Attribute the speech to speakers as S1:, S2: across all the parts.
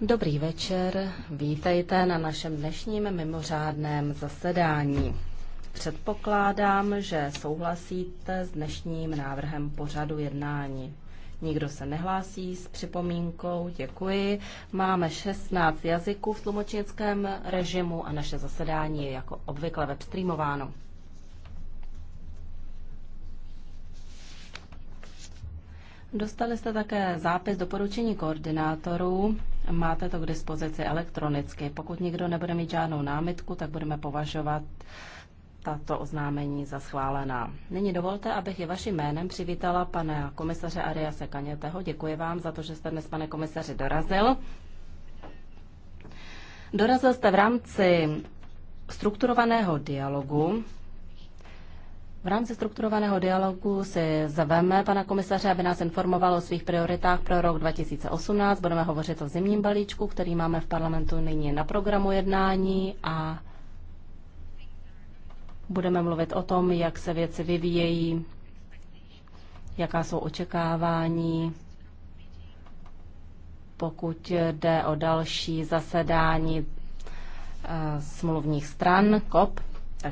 S1: Dobrý večer, vítejte na našem dnešním mimořádném zasedání. Předpokládám, že souhlasíte s dnešním návrhem pořadu jednání. Nikdo se nehlásí s připomínkou, děkuji. Máme 16 jazyků v tlumočnickém režimu a naše zasedání je jako obvykle webstreamováno. Dostali jste také zápis doporučení koordinátorů. Máte to k dispozici elektronicky. Pokud nikdo nebude mít žádnou námitku, tak budeme považovat tato oznámení za schválená. Nyní dovolte, abych je vaším jménem přivítala pana komisaře Ariase Kaněteho. Děkuji vám za to, že jste dnes, pane komisaři, dorazil. Dorazil jste v rámci strukturovaného dialogu v rámci strukturovaného dialogu si zveme pana komisaře, aby nás informoval o svých prioritách pro rok 2018. Budeme hovořit o zimním balíčku, který máme v parlamentu nyní na programu jednání a budeme mluvit o tom, jak se věci vyvíjejí, jaká jsou očekávání, pokud jde o další zasedání eh, smluvních stran COP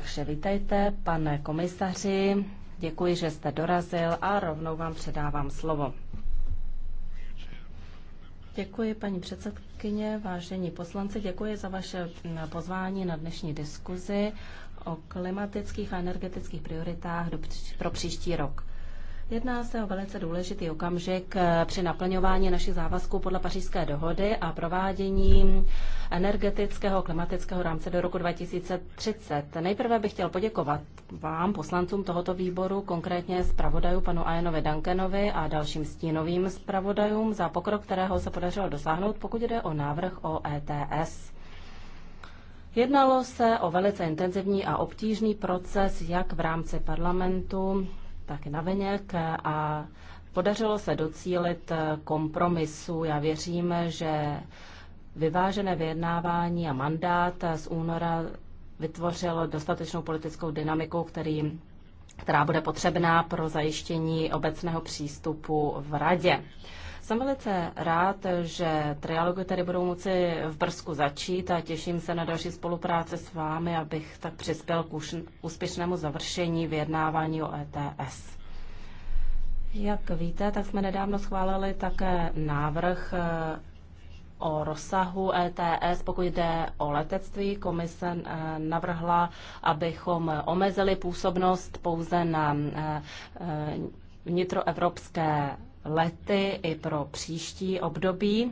S1: takže vítejte, pane komisaři. Děkuji, že jste dorazil a rovnou vám předávám slovo. Děkuji, paní předsedkyně, vážení poslanci, děkuji za vaše mm, pozvání na dnešní diskuzi o klimatických a energetických prioritách do, pro příští rok. Jedná se o velice důležitý okamžik eh, při naplňování našich závazků podle pařížské dohody a provádění energetického klimatického rámce do roku 2030. Nejprve bych chtěl poděkovat vám, poslancům tohoto výboru, konkrétně zpravodaju panu Ajenovi Dankenovi a dalším stínovým zpravodajům za pokrok, kterého se podařilo dosáhnout, pokud jde o návrh o ETS. Jednalo se o velice intenzivní a obtížný proces jak v rámci parlamentu, tak na a podařilo se docílit kompromisu. Já věřím, že vyvážené vyjednávání a mandát z února vytvořil dostatečnou politickou dynamiku, který, která bude potřebná pro zajištění obecného přístupu v radě. Jsem velice rád, že trialogy tady budou moci v Brzku začít a těším se na další spolupráce s vámi, abych tak přispěl k úspěšnému završení vyjednávání o ETS. Jak víte, tak jsme nedávno schválili také návrh eh, o rozsahu ETS. Pokud jde o letectví, komise eh, navrhla, abychom omezili působnost pouze na eh, vnitroevropské lety i pro příští období,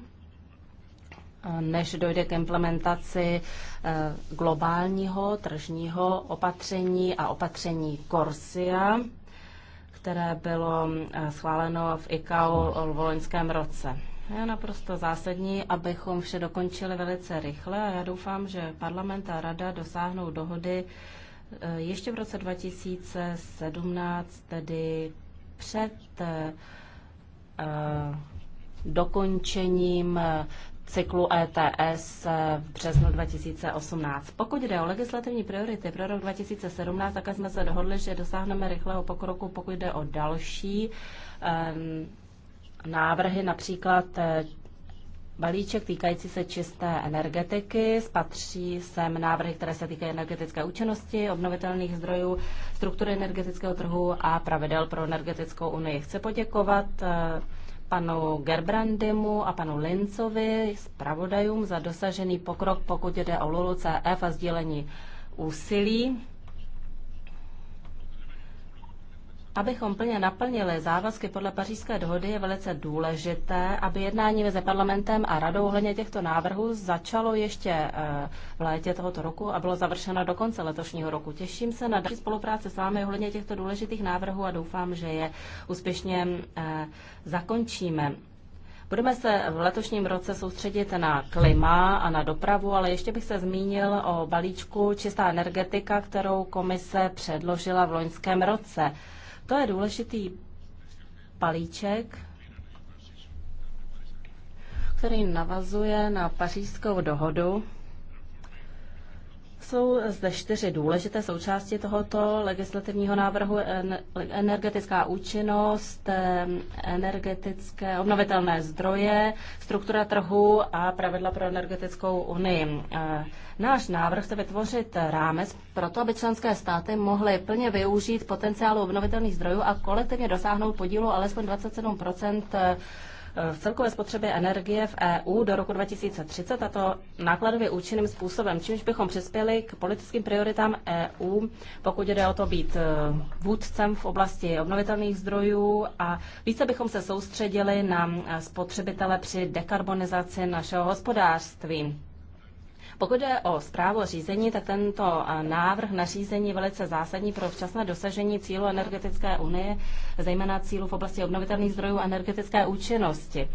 S1: než dojde k implementaci eh, globálního tržního opatření a opatření Corsia, které bylo eh, schváleno v ICAO v loňském roce. Je naprosto zásadní, abychom vše dokončili velice rychle a já doufám, že parlament a rada dosáhnou dohody eh, ještě v roce 2017, tedy před Eh, dokončením cyklu ETS v březnu 2018. Pokud jde o legislativní priority pro rok 2017, tak jsme se dohodli, že dosáhneme rychlého pokroku, pokud jde o další návrhy, například eh, balíček týkající se čisté energetiky. Spatří sem návrhy, které se týkají energetické účinnosti, obnovitelných zdrojů, struktury energetického trhu a pravidel pro energetickou unii. Chci poděkovat eh, panu Gerbrandimu a panu Lincovi, zpravodajům, za dosažený pokrok, pokud jde o CF a sdílení úsilí. Abychom plně naplnili závazky podle pařížské dohody, je velice důležité, aby jednání mezi parlamentem a radou ohledně těchto návrhů začalo ještě eh, v létě tohoto roku a bylo završeno do konce letošního roku. Těším se na další spolupráci s vámi ohledně těchto důležitých návrhů a doufám, že je úspěšně eh, zakončíme. Budeme se v letošním roce soustředit na klima a na dopravu, ale ještě bych se zmínil o balíčku Čistá energetika, kterou komise předložila v loňském roce. To je důležitý palíček, který navazuje na pařížskou dohodu jsou zde čtyři důležité součásti tohoto legislativního návrhu. Energetická účinnost, energetické obnovitelné zdroje, struktura trhu a pravidla pro energetickou unii. E, náš návrh chce vytvořit rámec pro to, aby členské státy mohly plně využít potenciálu obnovitelných zdrojů a kolektivně dosáhnout podílu alespoň 27 v celkové spotřebě energie v EU do roku 2030 a to nákladově účinným způsobem, čímž bychom přispěli k politickým prioritám EU, pokud jde o to být e, vůdcem v oblasti obnovitelných zdrojů a více bychom se soustředili na e, spotřebitele při dekarbonizaci našeho hospodářství. Pokud jde o zprávu řízení, tak tento návrh na řízení je velice zásadní pro včasné dosažení cílu energetické unie, zejména cílu v oblasti obnovitelných zdrojů energetické účinnosti.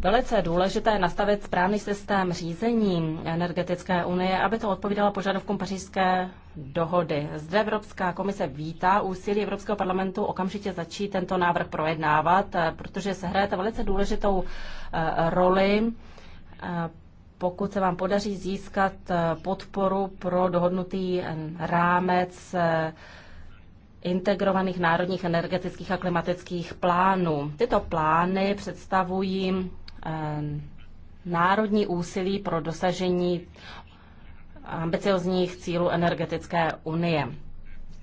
S1: Velice důležité je nastavit správný systém řízení energetické unie, aby to odpovídalo požadavkům pařížské dohody. Zde Evropská komise vítá úsilí Evropského parlamentu okamžitě začít tento návrh projednávat, protože se hraje velice důležitou roli pokud se vám podaří získat eh, podporu pro dohodnutý eh, rámec eh, integrovaných národních energetických a klimatických plánů. Tyto plány představují národní úsilí pro dosažení ambiciozních cílů energetické unie.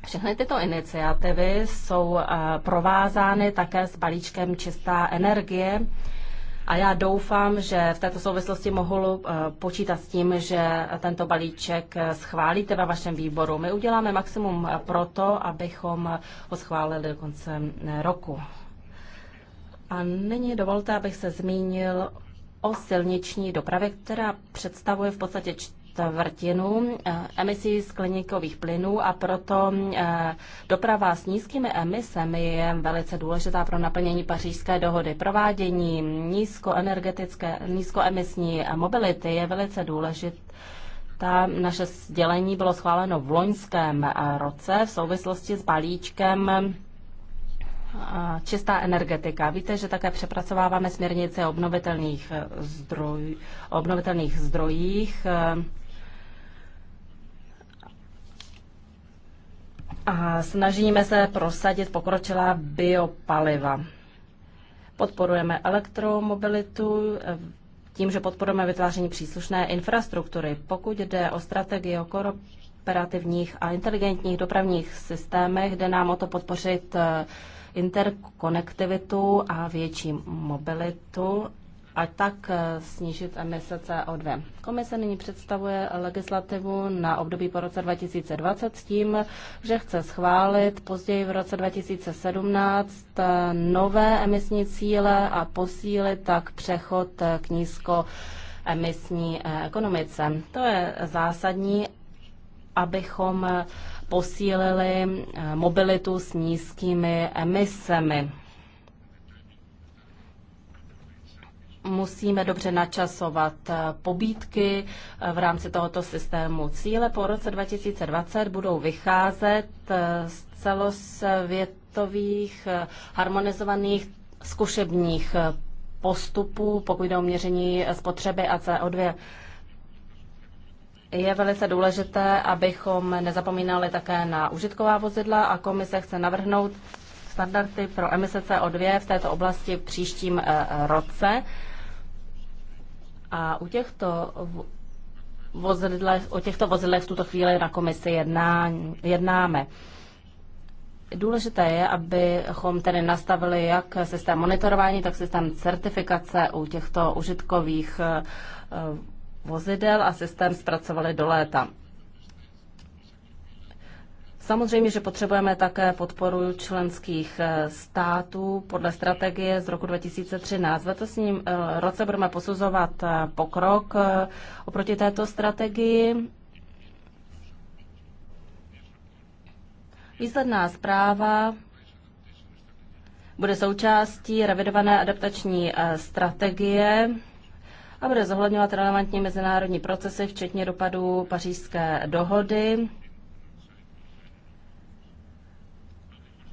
S1: Všechny tyto iniciativy jsou provázány také s balíčkem Čistá energie, a já doufám, že v této souvislosti mohu eh, počítat s tím, že tento balíček eh, schválíte ve vašem výboru. My uděláme maximum eh, pro to, abychom ho schválili do konce roku. A nyní dovolte, abych se zmínil o silniční dopravě, která představuje v podstatě čtvrtinu eh, emisí skleníkových plynů a proto eh, doprava s nízkými emisemi je velice důležitá pro naplnění pařížské dohody. Provádění nízkoenergetické, nízkoemisní mobility je velice důležitá. ta naše sdělení bylo schváleno v loňském eh, roce v souvislosti s balíčkem čistá energetika. Víte, že také přepracováváme směrnice obnovitelných, zdroj, obnovitelných zdrojích. a snažíme se prosadit pokročilá biopaliva. Podporujeme elektromobilitu eh, tím, že podporujeme vytváření příslušné infrastruktury. Pokud jde o strategii o kooperativních a inteligentních dopravních systémech, jde nám o to podpořit eh, interkonektivitu a větší mobilitu a tak eh, snížit emise CO2. Komise nyní představuje legislativu na období po roce 2020 s tím, že chce schválit později v roce 2017 eh, nové emisní cíle a posílit tak přechod eh, k nízko emisní ekonomice. To je zásadní, abychom posílili mobilitu s nízkými emisemi. musíme dobře načasovat eh, pobídky eh, v rámci tohoto systému. Cíle po roce 2020 budou vycházet eh, z celosvětových harmonizovaných zkušebních postupů, pokud jde o měření spotřeby a CO2. Je velice důležité, abychom nezapomínali také na užitková vozidla a komise chce navrhnout standardy pro emise CO2 v této oblasti v příštím roce. A u těchto vozidlech, o těchto vozidlech v tuto chvíli na komisi jedná, jednáme. Důležité je, abychom tedy nastavili jak systém monitorování, tak systém certifikace u těchto užitkových eh, vozidel a systém zpracovali do léta. Samozřejmě, že potřebujeme také podporu členských eh, států podle strategie z roku 2013. V ním. Eh, roce budeme posuzovat eh, pokrok oproti této strategii. Výsledná zpráva bude součástí revidované adaptační strategie a bude zohledňovat relevantní mezinárodní procesy, včetně dopadů pařížské dohody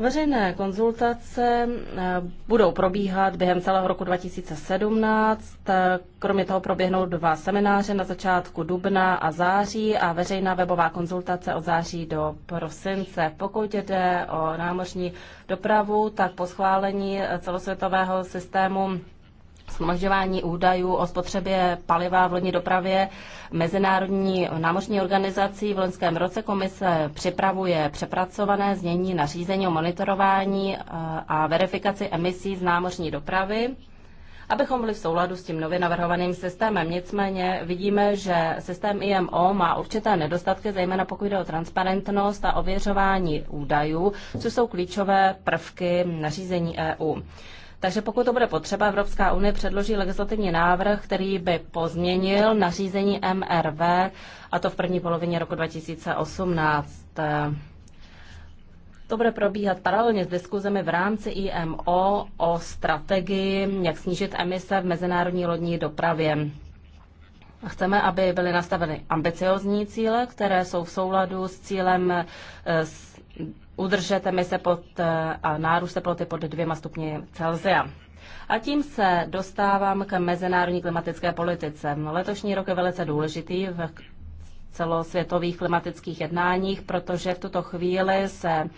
S1: Veřejné konzultace eh, budou probíhat během celého roku 2017. Eh, kromě toho proběhnou dva semináře na začátku dubna a září a veřejná webová konzultace od září do prosince. Pokud jde o námořní dopravu, tak po schválení celosvětového systému shromažďování údajů o spotřebě paliva v lodní dopravě Mezinárodní námořní organizací v loňském roce komise připravuje přepracované znění nařízení o monitorování eh, a verifikaci emisí z námořní dopravy abychom byli v souladu s tím nově navrhovaným systémem. Nicméně vidíme, že systém IMO má určité nedostatky, zejména pokud jde o transparentnost a ověřování údajů, což jsou klíčové prvky nařízení EU. Takže pokud to bude potřeba, Evropská unie předloží legislativní návrh, který by pozměnil nařízení MRV, a to v první polovině roku 2018. To bude probíhat paralelně s diskuzemi v rámci IMO o strategii, jak snížit emise v mezinárodní lodní dopravě. Chceme, aby byly nastaveny ambiciozní cíle, které jsou v souladu s cílem eh, udržet emise pod, eh, a nárůst teploty pod dvěma stupni Celsia. A tím se dostávám k mezinárodní klimatické politice. Letošní rok je velice důležitý v celosvětových klimatických jednáních, protože v tuto chvíli se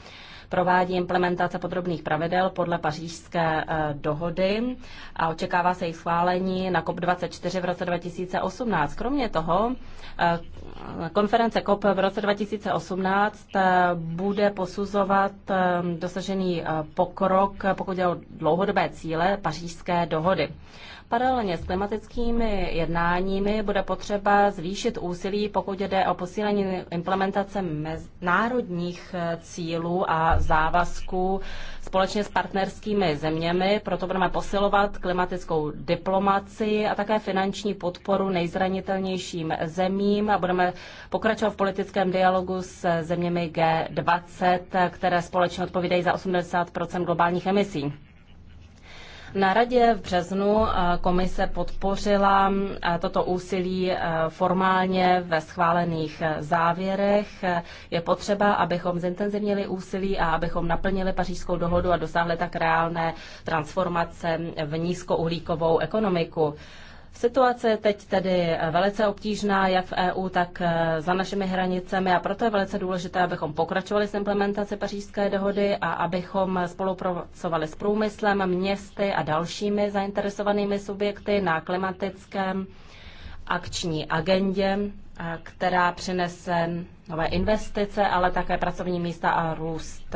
S1: provádí implementace podrobných pravidel podle pařížské eh, dohody a očekává se jejich schválení na COP24 v roce 2018. Kromě toho eh, konference COP v roce 2018 eh, bude posuzovat dosažený pokrok, pokud je o dlouhodobé cíle pařížské dohody. Paralelně s klimatickými jednáními bude potřeba zvýšit úsilí, pokud jde o posílení implementace národních eh, cílů a závazků společně s partnerskými zeměmi. Proto budeme posilovat klimatickou diplomaci a také finanční podporu nejzranitelnějším zemím a budeme pokračovat v politickém dialogu s zeměmi G20, eh, které společně odpovídají za 80 globálních emisí. Na radě v březnu eh, komise podpořila eh, toto úsilí eh, formálně ve schválených závěrech. Je potřeba, abychom zintenzivnili úsilí a abychom naplnili pařížskou dohodu a dosáhli tak reálné transformace v nízkouhlíkovou ekonomiku. Situace je teď tedy eh, velice obtížná, jak v EU, tak eh, za našimi hranicemi a proto je velice důležité, abychom pokračovali s implementací pařížské dohody a abychom spolupracovali s průmyslem, městy a dalšími zainteresovanými subjekty na klimatickém akční agendě, eh, která přinese nové investice, ale také pracovní místa a růst.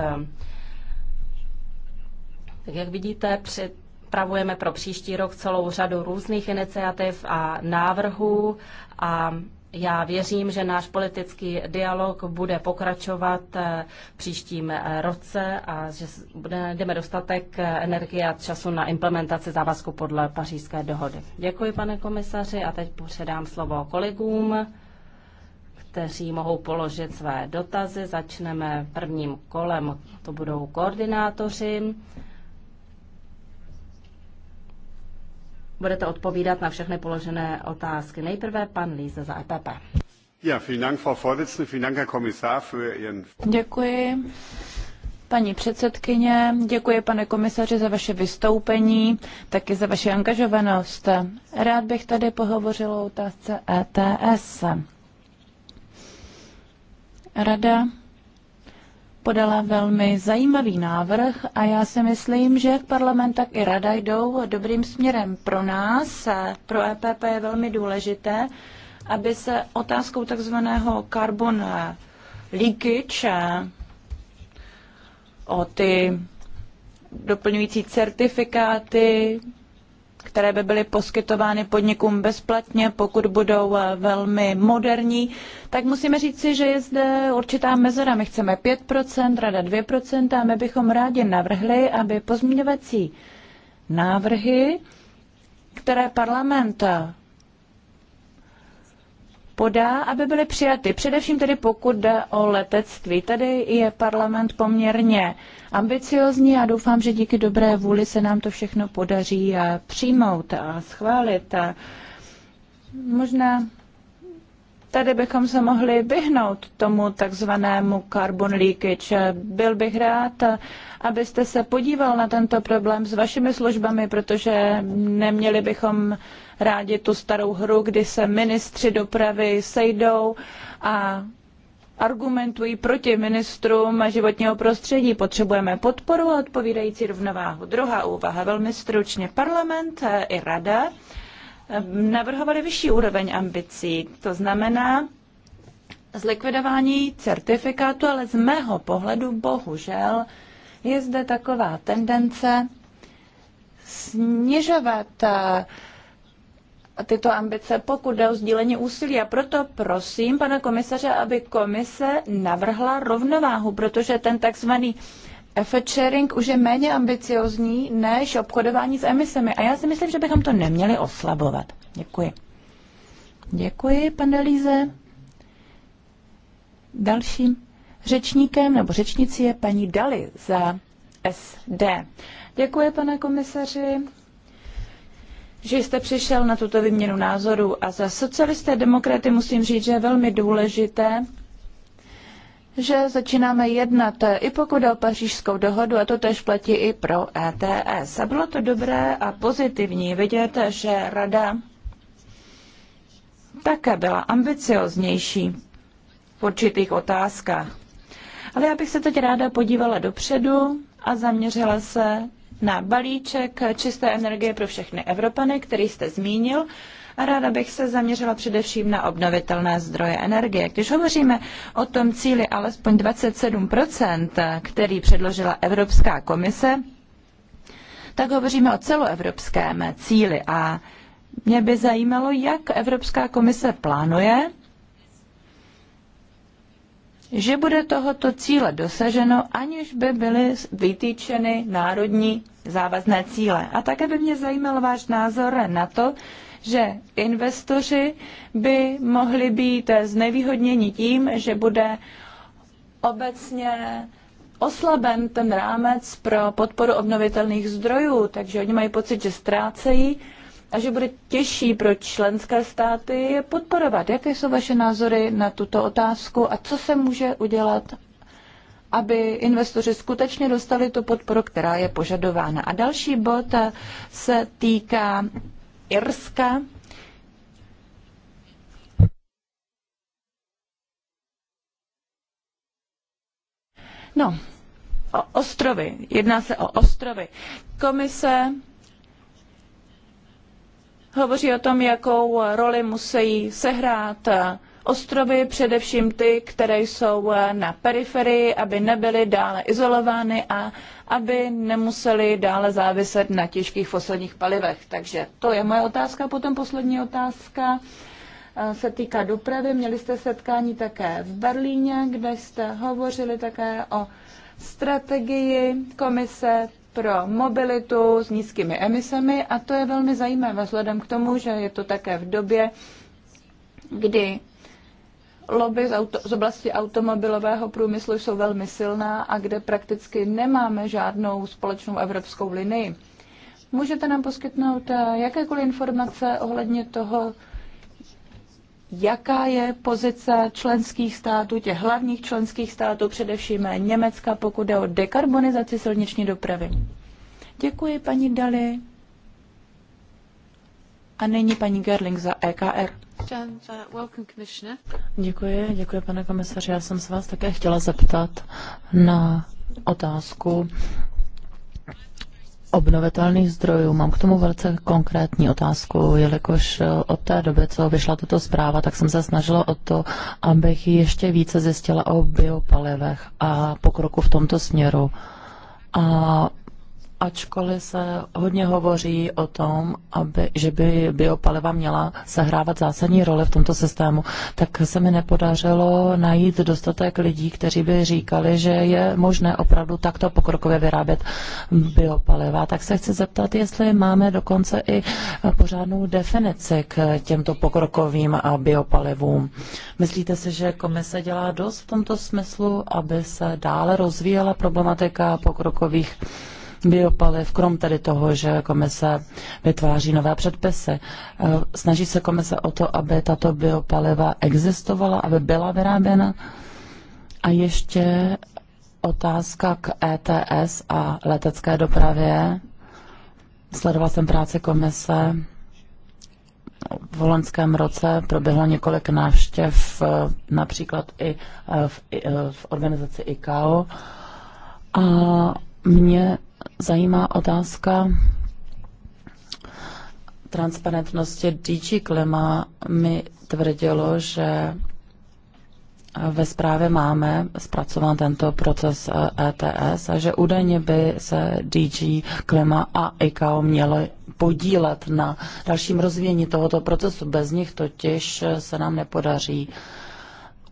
S1: Tak jak vidíte, při připravujeme pro příští rok celou řadu různých iniciativ a návrhů a já věřím, že náš politický dialog bude pokračovat v eh, příštím eh, roce a že budeme dostatek eh, energie a času na implementaci závazku podle pařížské dohody. Děkuji, pane komisaři, a teď předám slovo kolegům, kteří mohou položit své dotazy. Začneme prvním kolem, to budou koordinátoři. budete odpovídat na všechny položené otázky. Nejprve pan Líze za EPP.
S2: Děkuji. Paní předsedkyně, děkuji pane komisaři za vaše vystoupení, taky za vaši angažovanost. Rád bych tady pohovořil o otázce ETS. Rada podala velmi zajímavý návrh a já si myslím, že jak parlament, tak i rada jdou dobrým směrem pro nás. Pro EPP je velmi důležité, aby se otázkou takzvaného carbon leakage o ty doplňující certifikáty které by byly poskytovány podnikům bezplatně, pokud budou eh, velmi moderní, tak musíme říci, že je zde určitá mezera. My chceme 5%, rada 2% a my bychom rádi navrhli, aby pozměňovací návrhy, které parlament eh, podá, aby byly přijaty. Především tedy pokud jde o letectví. Tady je parlament poměrně ambiciozní a doufám, že díky dobré vůli se nám to všechno podaří eh, přijmout a schválit. A eh, možná tady bychom se mohli vyhnout tomu takzvanému carbon leakage. Byl bych rád, eh, abyste se podíval na tento problém s vašimi službami, protože neměli bychom rádi tu starou hru, kdy se ministři dopravy sejdou a argumentují proti ministrům životního prostředí. Potřebujeme podporu a odpovídající rovnováhu. Druhá úvaha, velmi stručně. Parlament i rada eh, navrhovali vyšší úroveň ambicí. To znamená zlikvidování certifikátu, ale z mého pohledu bohužel je zde taková tendence snižovat eh, tyto ambice, pokud jde o sdílení úsilí. A proto prosím pana komisaře, aby komise navrhla rovnováhu, protože ten takzvaný effort sharing už je méně ambiciozní než obchodování s emisemi. A já si myslím, že bychom to neměli oslabovat. Děkuji. Děkuji, pane Líze. Dalším řečníkem nebo řečnicí je paní Dali za SD. Děkuji, pane komisaři že jste přišel na tuto vyměnu názorů a za socialisté demokraty musím říct, že je velmi důležité, že začínáme jednat i pokud o pařížskou dohodu a to tež platí i pro ETS. A bylo to dobré a pozitivní vidět, že rada také byla ambicioznější v určitých otázkách. Ale já bych se teď ráda podívala dopředu a zaměřila se na balíček čisté energie pro všechny Evropany, který jste zmínil. A ráda bych se zaměřila především na obnovitelné zdroje energie. Když hovoříme o tom cíli alespoň 27 který předložila Evropská komise, tak hovoříme o celoevropském cíli a mě by zajímalo, jak Evropská komise plánuje že bude tohoto cíle dosaženo, aniž by byly vytýčeny národní závazné cíle. A také by mě zajímal váš názor na to, že investoři by mohli být znevýhodněni tím, že bude obecně oslaben ten rámec pro podporu obnovitelných zdrojů, takže oni mají pocit, že ztrácejí a že bude těžší pro členské státy je podporovat. Jaké jsou vaše názory na tuto otázku a co se může udělat, aby investoři skutečně dostali tu podporu, která je požadována. A další bod se týká Irska. No, o ostrovy. Jedná se o ostrovy. Komise hovoří o tom, jakou roli musí sehrát ostrovy, především ty, které jsou na periferii, aby nebyly dále izolovány a aby nemuseli dále záviset na těžkých fosilních palivech. Takže to je moje otázka. Potom poslední otázka eh, se týká dopravy. Měli jste setkání také v Berlíně, kde jste hovořili také o strategii komise pro mobilitu s nízkými emisemi a to je velmi zajímavé vzhledem k tomu, že je to také v době, kdy lobby z, auto, z oblasti automobilového průmyslu jsou velmi silná a kde prakticky nemáme žádnou společnou evropskou linii. Můžete nám poskytnout eh, jakékoliv informace ohledně toho, jaká je pozice členských států, těch hlavních členských států, především Německa, pokud jde o dekarbonizaci silniční dopravy. Děkuji, paní Dali.
S3: A nyní paní Gerling za EKR. Děkuji, děkuji, pane komisaři. Já jsem se vás také chtěla zeptat na otázku obnovitelných zdrojů. Mám k tomu velice konkrétní otázku, jelikož eh, od té doby, co vyšla tato zpráva, tak jsem se snažila o to, abych ještě více zjistila o biopalivech a pokroku v tomto směru. A ačkoliv se hodně hovoří o tom, aby, že by biopaliva měla sehrávat zásadní roli v tomto systému, tak se mi nepodařilo najít dostatek lidí, kteří by říkali, že je možné opravdu takto pokrokově vyrábět biopaliva. Tak se chci zeptat, jestli máme dokonce i pořádnou definici k těmto pokrokovým biopalivům. Myslíte si, že komise dělá dost v tomto smyslu, aby se dále rozvíjela problematika pokrokových biopaliv, krom tedy toho, že komise vytváří nové předpisy. Eh, snaží se komise o to, aby tato biopaliva existovala, aby byla vyráběna? A ještě otázka k ETS a letecké dopravě. Sledoval jsem práci komise. V holandském roce proběhlo několik návštěv, eh, například i eh, v, v organizaci ICAO. A mě zajímá otázka transparentnosti DG Klima mi tvrdilo, že ve zprávě máme zpracován tento proces ETS eh, e a že údajně by se DG Klima a ICAO měly podílet na dalším rozvíjení tohoto procesu. Bez nich totiž se nám nepodaří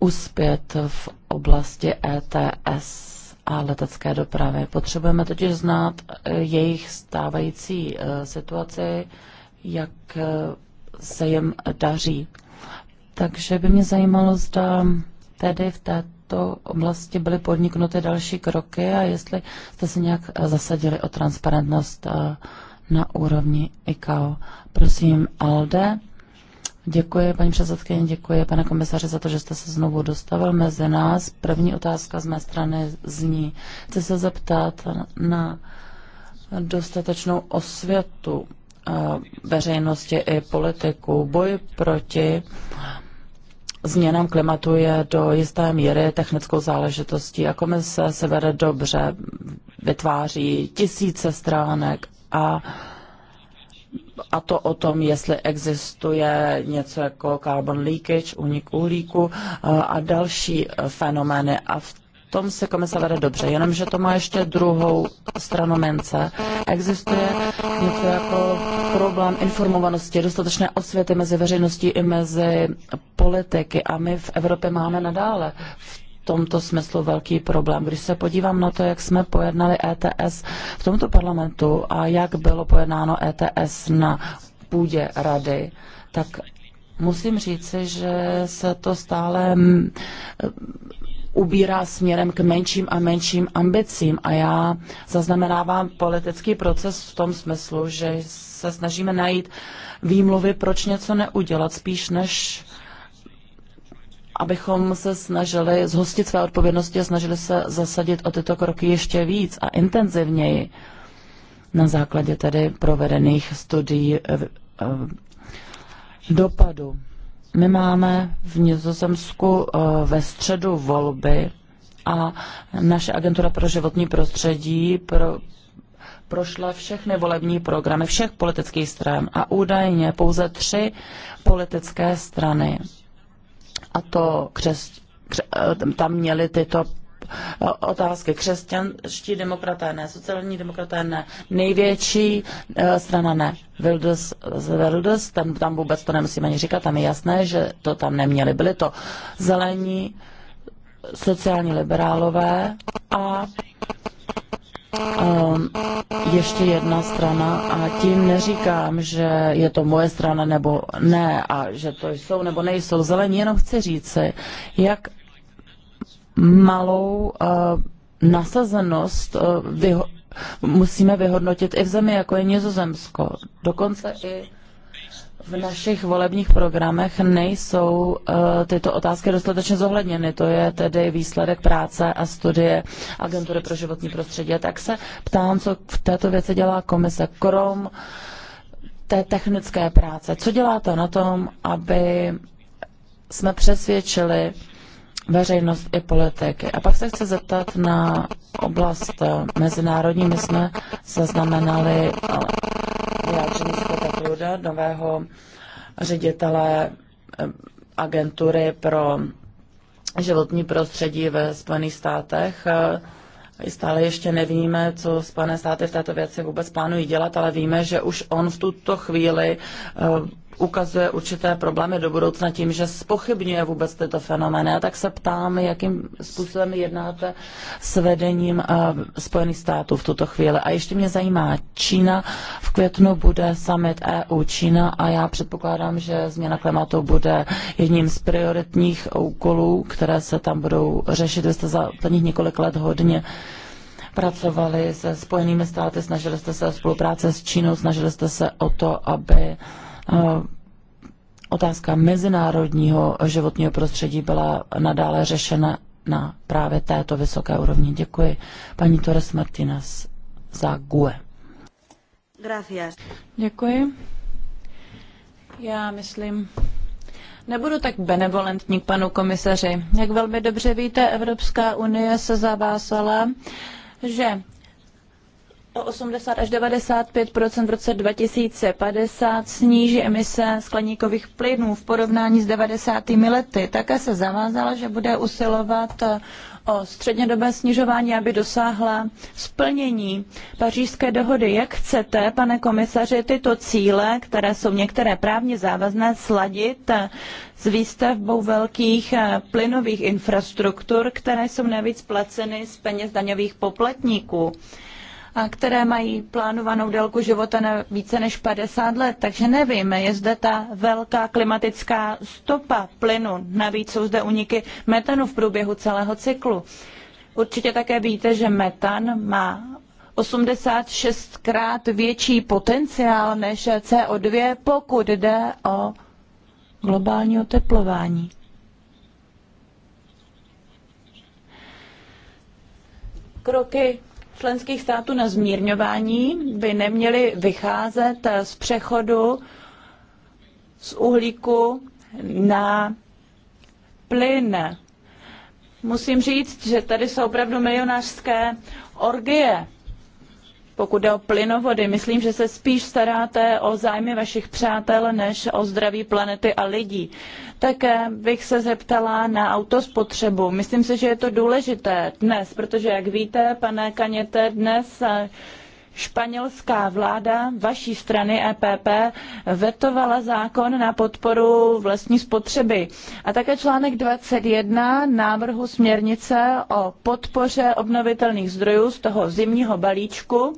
S3: uspět v oblasti ETS a letecké dopravy. Potřebujeme totiž znát eh, jejich stávající eh, situaci, jak eh, se jim daří. Takže by mě zajímalo, zda tedy v této oblasti byly podniknuty další kroky a jestli jste se nějak zasadili o transparentnost na úrovni ICAO. Prosím, Alde. Děkuji, paní předsedkyně, děkuji, pane komisaři, za to, že jste se znovu dostavil mezi nás. První otázka z mé strany zní, chci se zeptat na dostatečnou osvětu eh, veřejnosti i politiku. Boj proti změnám klimatu je do jisté míry technickou záležitostí a komise se vede dobře, vytváří tisíce stránek a a to o tom, jestli existuje něco jako carbon leakage, unik uhlíku a další e, fenomény. A v tom se komise vede dobře, jenomže to má ještě druhou stranu mince. Existuje něco jako problém informovanosti, dostatečné osvěty mezi veřejností i mezi politiky a my v Evropě máme nadále v tomto smyslu velký problém. Když se podívám na to, jak jsme pojednali ETS v tomto parlamentu a jak bylo pojednáno ETS na půdě rady, tak musím říci, že se to stále mm, ubírá směrem k menším a menším ambicím. A já zaznamenávám politický proces v tom smyslu, že se snažíme najít výmluvy, proč něco neudělat, spíš než abychom se snažili zhostit své odpovědnosti a snažili se zasadit o tyto kroky ještě víc a intenzivněji na základě tedy provedených studií eh, eh, dopadu. My máme v Nizozemsku eh, ve středu volby a naše agentura pro životní prostředí pro, prošla všechny volební programy všech politických stran a údajně pouze tři politické strany a to křes, kře, eh, tam měli tyto eh, otázky. Křesťanští demokraté ne, sociální demokraté ne, největší eh, strana ne. Wilders, Wilders tam, tam vůbec to nemusíme ani říkat, tam je jasné, že to tam neměli. Byli to zelení, sociální liberálové a Ehm, ještě jedna strana a tím neříkám, že je to moje strana nebo ne a že to jsou nebo nejsou zelení, jenom chci říci, jak malou uh, nasazenost uh, vyho- musíme vyhodnotit i v zemi, jako je Nizozemsko, dokonce i v našich volebních programech nejsou eh, tyto otázky dostatečně zohledněny. To je tedy výsledek práce a studie Agentury pro životní prostředí. A tak se ptám, co v této věci dělá komise, krom té technické práce. Co dělá to na tom, aby jsme přesvědčili veřejnost i politiky. A pak se chci zeptat na oblast eh, mezinárodní. My jsme zaznamenali eh, vyjádření Kluda, nového ředitele eh, agentury pro životní prostředí ve Spojených státech. Eh, stále ještě nevíme, co Spojené státy v této věci vůbec plánují dělat, ale víme, že už on v tuto chvíli eh, ukazuje určité problémy do budoucna tím, že spochybňuje vůbec tyto fenomény. A tak se ptám, jakým způsobem jednáte s vedením eh, Spojených států v tuto chvíli. A ještě mě zajímá, Čína v květnu bude summit EU Čína a já předpokládám, že změna klimatu bude jedním z prioritních úkolů, které se tam budou řešit. Vy jste za plných několik let hodně pracovali se Spojenými státy, snažili jste se o spolupráce s Čínou, snažili jste se o to, aby uh, Eh, otázka mezinárodního životního prostředí byla nadále řešena na právě této vysoké úrovni. Děkuji paní Torres Martinez za GUE. Gracias. Děkuji.
S2: Já myslím, Nebudu tak benevolentní k panu komisaři. Jak velmi dobře víte, Evropská unie se zavázala, že o 80 až 95 v roce 2050 sníží emise skleníkových plynů v porovnání s 90. lety. Také se zavázala, že bude usilovat o střednědobé snižování, aby dosáhla splnění pařížské dohody. Jak chcete, pane komisaři, tyto cíle, které jsou některé právně závazné, sladit s výstavbou velkých plynových infrastruktur, které jsou navíc placeny z peněz daňových poplatníků? A které mají plánovanou délku života na více než 50 let, takže nevím, je zde ta velká klimatická stopa plynu, navíc jsou zde uniky metanu v průběhu celého cyklu. Určitě také víte, že metan má 86 krát větší potenciál než CO2, pokud jde o globální oteplování. Kroky členských států na zmírňování by neměly vycházet z přechodu z uhlíku na plyn. Musím říct, že tady jsou opravdu milionářské orgie. Pokud jde o plynovody, myslím, že se spíš staráte o zájmy vašich přátel, než o zdraví planety a lidí. Také eh, bych se zeptala na autospotřebu. Myslím si, že je to důležité dnes, protože jak víte, pane Kaněte, dnes eh, španělská vláda vaší strany EPP vetovala zákon na podporu vlastní spotřeby. A také článek 21 návrhu směrnice o podpoře obnovitelných zdrojů z toho zimního balíčku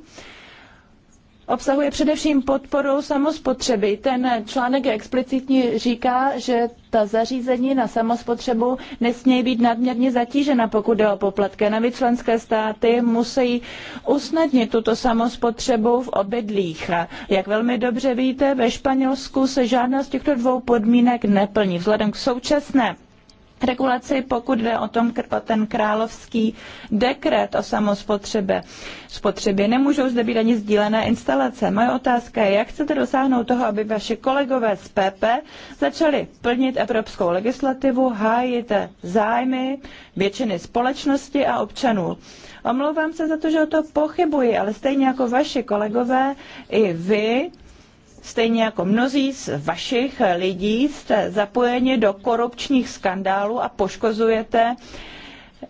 S2: obsahuje především podporu samospotřeby. Ten článek explicitně říká, že ta zařízení na samospotřebu nesmějí být nadměrně zatížena, pokud jde o poplatky. Navíc členské státy musí usnadnit tuto samospotřebu v obydlích. Jak velmi dobře víte, ve Španělsku se žádná z těchto dvou podmínek neplní. Vzhledem k současné regulaci, pokud jde o, tom, ten královský dekret o samospotřebě. Spotřebě nemůžou zde být ani sdílené instalace. Moje otázka je, jak chcete dosáhnout toho, aby vaši kolegové z PP začali plnit evropskou legislativu, hájit zájmy většiny společnosti a občanů. Omlouvám se za to, že o to pochybuji, ale stejně jako vaši kolegové, i vy Stejně jako mnozí z vašich lidí jste zapojeni do korupčních skandálů a poškozujete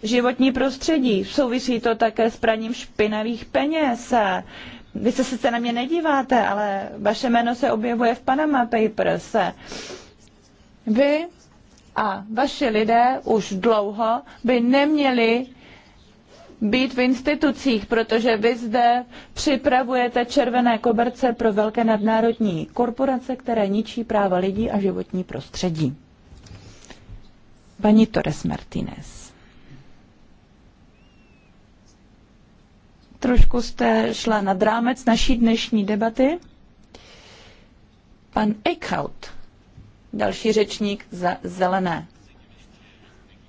S2: životní prostředí. Souvisí to také s praním špinavých peněz. Vy se sice na mě nedíváte, ale vaše jméno se objevuje v Panama Papers. Vy a vaši lidé už dlouho by neměli být v institucích, protože vy zde připravujete červené koberce pro velké nadnárodní korporace, které ničí práva lidí a životní prostředí. Paní Torres Martinez. Trošku jste šla nad rámec naší dnešní debaty. Pan Eichhout, další řečník za zelené.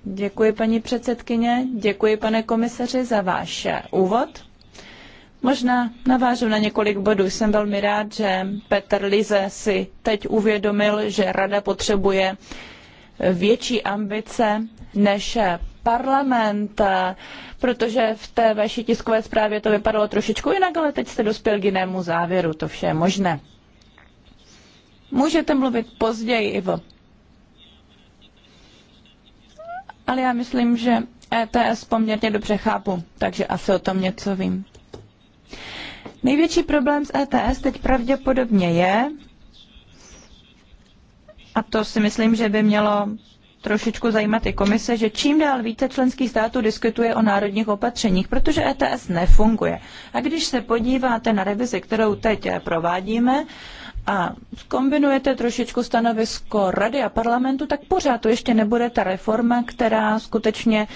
S2: Děkuji, paní předsedkyně, děkuji, pane komisaři, za váš eh, úvod. Možná navážu na několik bodů. Jsem velmi rád, že Petr Lize si teď uvědomil, že rada potřebuje větší ambice než parlament, eh, protože v té vaší tiskové zprávě to vypadalo trošičku jinak, ale teď jste dospěl k jinému závěru, to vše je možné. Můžete mluvit později, Ivo. ale já myslím, že ETS poměrně dobře chápu, takže asi o tom něco vím. Největší problém s ETS teď pravděpodobně je, a to si myslím, že by mělo trošičku zajímat i komise, že čím dál více členských států diskutuje o národních opatřeních, protože ETS nefunguje. A když se podíváte na revizi, kterou teď provádíme, a zkombinujete trošičku stanovisko rady a parlamentu, tak pořád to ještě nebude ta reforma, která skutečně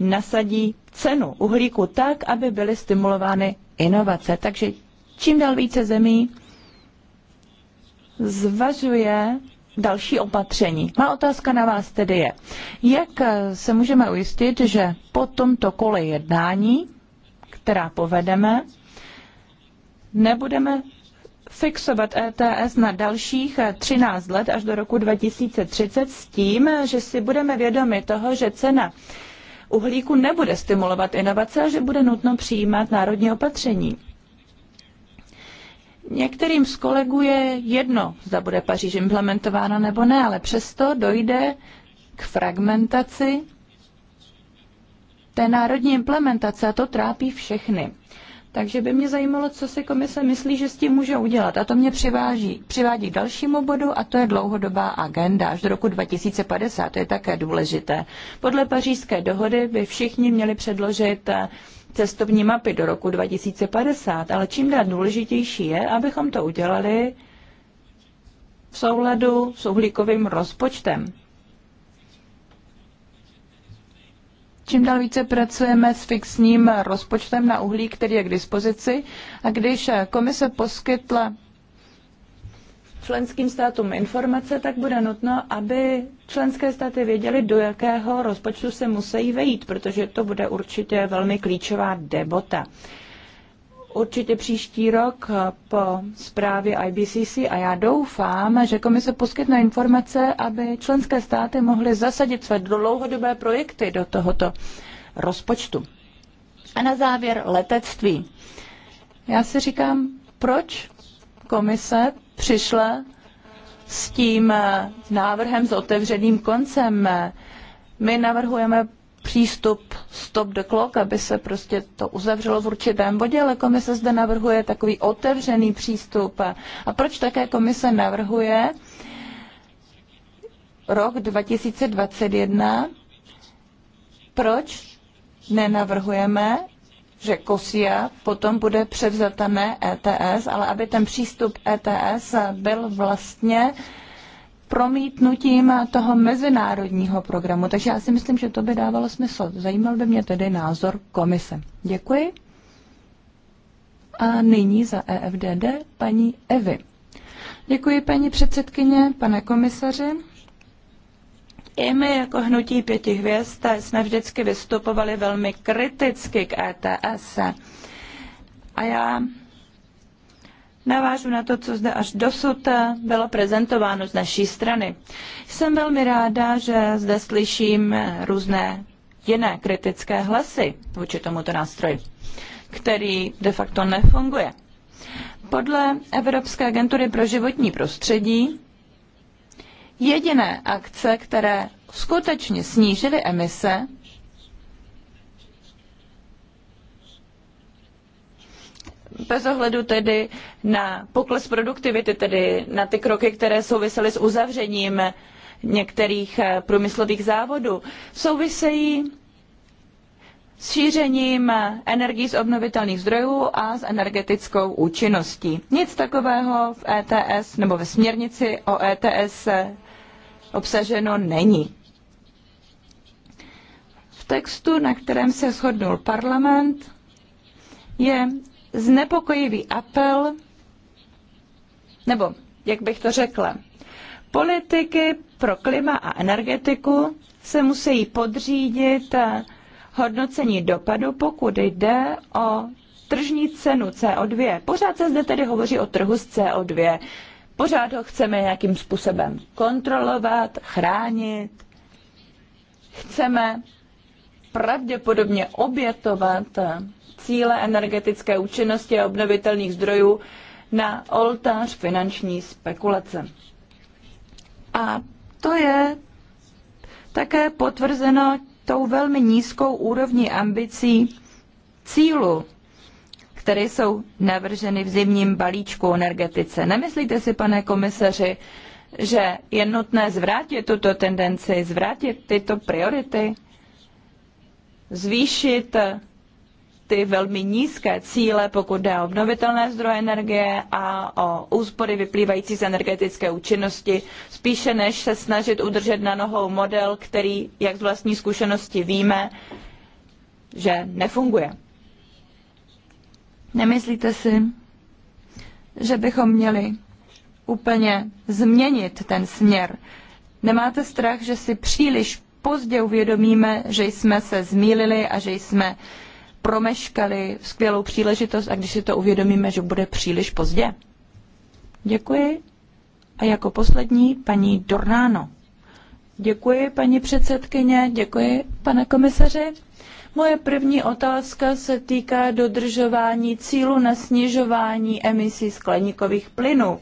S2: nasadí cenu uhlíku tak, aby byly stimulovány inovace. Takže čím dál více zemí zvažuje další opatření. Má otázka na vás tedy je, jak se můžeme ujistit, že po tomto kole jednání, která povedeme, nebudeme fixovat ETS na dalších 13 eh, let až do roku 2030 s tím, že si budeme vědomi toho, že cena uhlíku nebude stimulovat inovace a že bude nutno přijímat národní opatření. Některým z kolegů je jedno, zda bude Paříž implementována nebo ne, ale přesto dojde k fragmentaci té národní implementace a to trápí všechny. Takže by mě zajímalo, co si komise myslí, že s tím může udělat. A to mě přiváží, přivádí k dalšímu bodu a to je dlouhodobá agenda až do roku 2050. To je také důležité. Podle pařížské dohody by všichni měli předložit eh, cestovní mapy do roku 2050, ale čím dál důležitější je, abychom to udělali v souladu s uhlíkovým rozpočtem. Čím dál více pracujeme s fixním rozpočtem na uhlí, který je k dispozici. A když komise poskytla členským státům informace, tak bude nutno, aby členské státy věděly, do jakého rozpočtu se musí vejít, protože to bude určitě velmi klíčová debota určitě příští rok po zprávě IBCC a já doufám, že komise poskytne informace, aby členské státy mohly zasadit své dlouhodobé projekty do tohoto rozpočtu. A na závěr letectví. Já si říkám, proč komise přišla s tím eh, návrhem s otevřeným koncem. My navrhujeme přístup stop the clock, aby se prostě to uzavřelo v určitém bodě, ale komise zde navrhuje takový otevřený přístup. A proč také komise navrhuje rok 2021? Proč nenavrhujeme, že Kosia potom bude převzata ne ETS, ale aby ten přístup ETS byl vlastně uh, promítnutím toho mezinárodního programu. Takže já si myslím, že to by dávalo smysl. Zajímal by mě tedy názor komise. Děkuji. A nyní za EFDD paní Evy. Děkuji, paní předsedkyně, pane komisaři. I my jako hnutí pěti hvězd jsme vždycky vystupovali velmi kriticky k ETS. A já Navážu na to, co zde až dosud eh, bylo prezentováno z naší strany. Jsem velmi ráda, že zde slyším eh, různé jiné kritické hlasy vůči tomuto nástroji, který de facto nefunguje. Podle Evropské agentury pro životní prostředí jediné akce, které skutečně snížily emise, bez ohledu tedy na pokles produktivity, tedy na ty kroky, které souvisely s uzavřením některých eh, průmyslových závodů, souvisejí s šířením energií z obnovitelných zdrojů a s energetickou účinností. Nic takového v ETS nebo ve směrnici o ETS obsaženo není. V textu, na kterém se shodnul parlament, je znepokojivý apel, nebo jak bych to řekla, politiky pro klima a energetiku se musí podřídit hodnocení dopadu, pokud jde o tržní cenu CO2. Pořád se zde tedy hovoří o trhu s CO2. Pořád ho chceme nějakým způsobem kontrolovat, chránit. Chceme pravděpodobně obětovat cíle energetické účinnosti a obnovitelných zdrojů na oltář finanční spekulace. A to je také potvrzeno tou velmi nízkou úrovní ambicí cílu, které jsou navrženy v zimním balíčku energetice. Nemyslíte si, pane komisaři, že je nutné zvrátit tuto tendenci, zvrátit tyto priority, zvýšit ty velmi nízké cíle, pokud jde o obnovitelné zdroje energie a o úspory vyplývající z energetické účinnosti, spíše než se snažit udržet na nohou model, který, jak z vlastní zkušenosti víme, že nefunguje. Nemyslíte si, že bychom měli úplně změnit ten směr? Nemáte strach, že si příliš pozdě uvědomíme, že jsme se zmýlili a že jsme uh, promeškali skvělou příležitost a když si to uvědomíme, že bude příliš pozdě. Děkuji. A jako poslední paní Dornáno. Děkuji, paní předsedkyně, děkuji, pane komisaři. Moje první otázka se týká dodržování cílu na snižování emisí skleníkových plynů.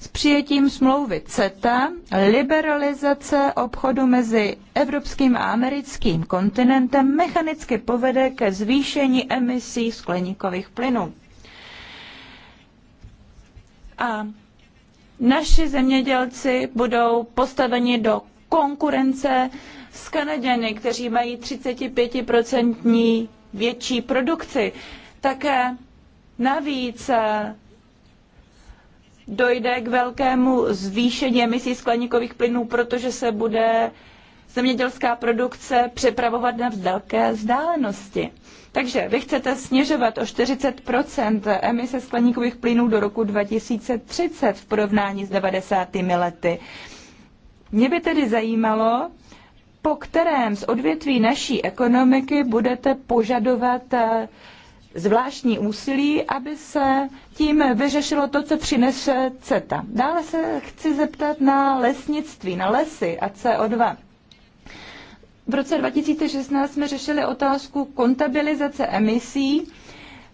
S2: S přijetím smlouvy CETA liberalizace obchodu mezi evropským a americkým kontinentem mechanicky povede ke zvýšení emisí skleníkových plynů. A naši zemědělci budou postaveni do konkurence s Kanaděny, kteří mají 35% větší produkci. Také navíc eh, dojde k velkému zvýšení emisí skleníkových plynů, protože se bude zemědělská produkce přepravovat na velké vzdálenosti. Takže vy chcete snižovat o 40 emise skleníkových plynů do roku 2030 v porovnání s 90. lety. Mě by tedy zajímalo, po kterém z odvětví naší ekonomiky budete požadovat eh, zvláštní úsilí, aby se tím vyřešilo to, co přinese CETA. Dále se chci zeptat na lesnictví, na lesy a CO2. V roce 2016 jsme řešili otázku kontabilizace emisí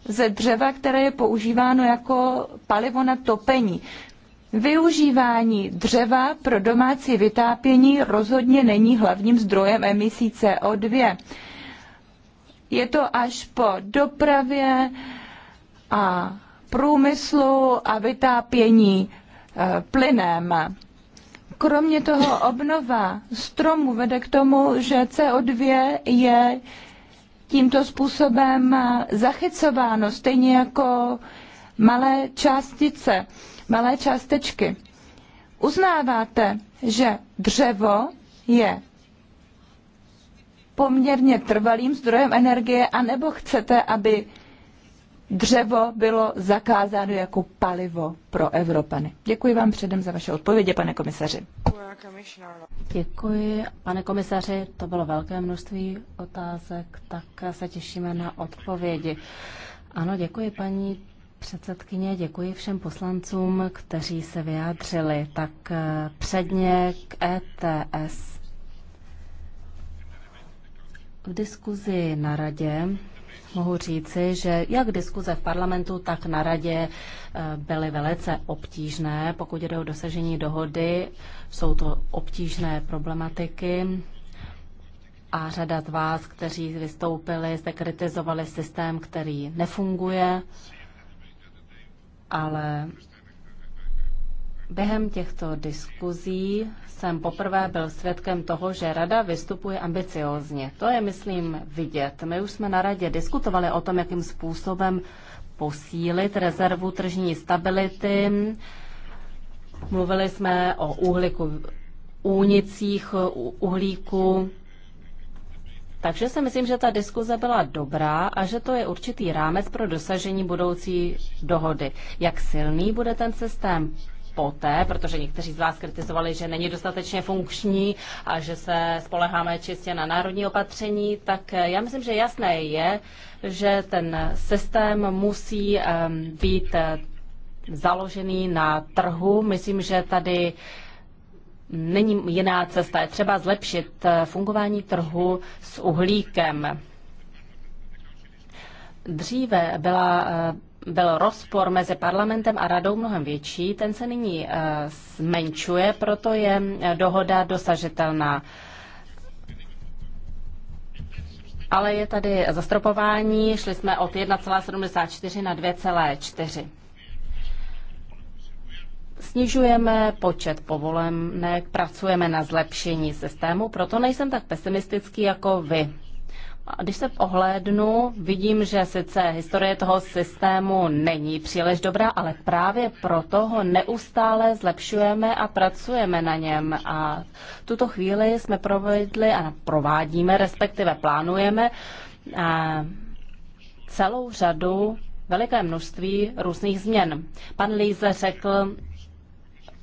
S2: ze dřeva, které je používáno jako palivo na topení. Využívání dřeva pro domácí vytápění rozhodně není hlavním zdrojem emisí CO2. Je to až po dopravě a průmyslu a vytápění eh, plynem. Kromě toho obnova stromů vede k tomu, že CO2 je tímto způsobem zachycováno, stejně jako malé částice malé částečky. Uznáváte, že dřevo je poměrně trvalým zdrojem energie, anebo chcete, aby dřevo bylo zakázáno jako palivo pro Evropany? Děkuji vám předem za vaše odpovědi, pane komisaři.
S1: Děkuji, pane komisaři, to bylo velké množství otázek, tak se těšíme na odpovědi. Ano, děkuji paní předsedkyně, děkuji všem poslancům, kteří se vyjádřili. Tak eh, předně k ETS. V diskuzi na radě mohu říci, že jak diskuze v parlamentu, tak na radě eh, byly velice obtížné. Pokud jde o dosažení dohody, jsou to obtížné problematiky a řada z vás, kteří vystoupili, jste kritizovali systém, který nefunguje ale během těchto diskuzí jsem poprvé byl svědkem toho, že rada vystupuje ambiciózně. To je, myslím, vidět. My už jsme na radě diskutovali o tom, jakým způsobem posílit rezervu tržní stability. Mluvili jsme o úhliku únicích uhlíku takže si myslím, že ta diskuze byla dobrá a že to je určitý rámec pro dosažení budoucí dohody. Jak silný bude ten systém poté, protože někteří z vás kritizovali, že není dostatečně funkční a že se spoleháme čistě na národní opatření, tak eh, já myslím, že jasné je, že ten systém musí ehm, být eh, založený na trhu. Myslím, že tady není jiná cesta. Je třeba zlepšit eh, fungování trhu s uhlíkem. Dříve byla, eh, byl rozpor mezi parlamentem a radou mnohem větší, ten se nyní eh, zmenšuje, proto je dohoda dosažitelná. Ale je tady zastropování, šli jsme od 1,74 na 2,4 snižujeme počet povolenek, pracujeme na zlepšení systému, proto nejsem tak pesimistický jako vy. A když se ohlédnu, vidím, že sice historie toho systému není příliš dobrá, ale právě proto ho neustále zlepšujeme a pracujeme na něm. A v tuto chvíli jsme provedli a provádíme, respektive plánujeme celou řadu veliké množství různých změn. Pan Líze řekl,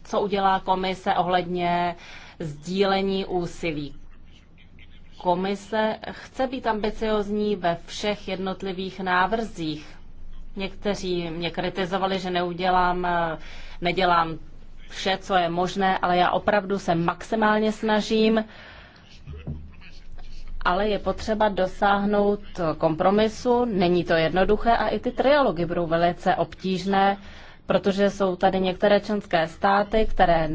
S1: co udělá komise ohledně sdílení úsilí. Komise chce být ambiciozní ve všech jednotlivých návrzích. Někteří mě kritizovali, že neudělám, nedělám vše, co je možné, ale já opravdu se maximálně snažím ale je potřeba dosáhnout kompromisu. Není to jednoduché a i ty trialogy budou velice obtížné protože jsou tady některé členské státy, které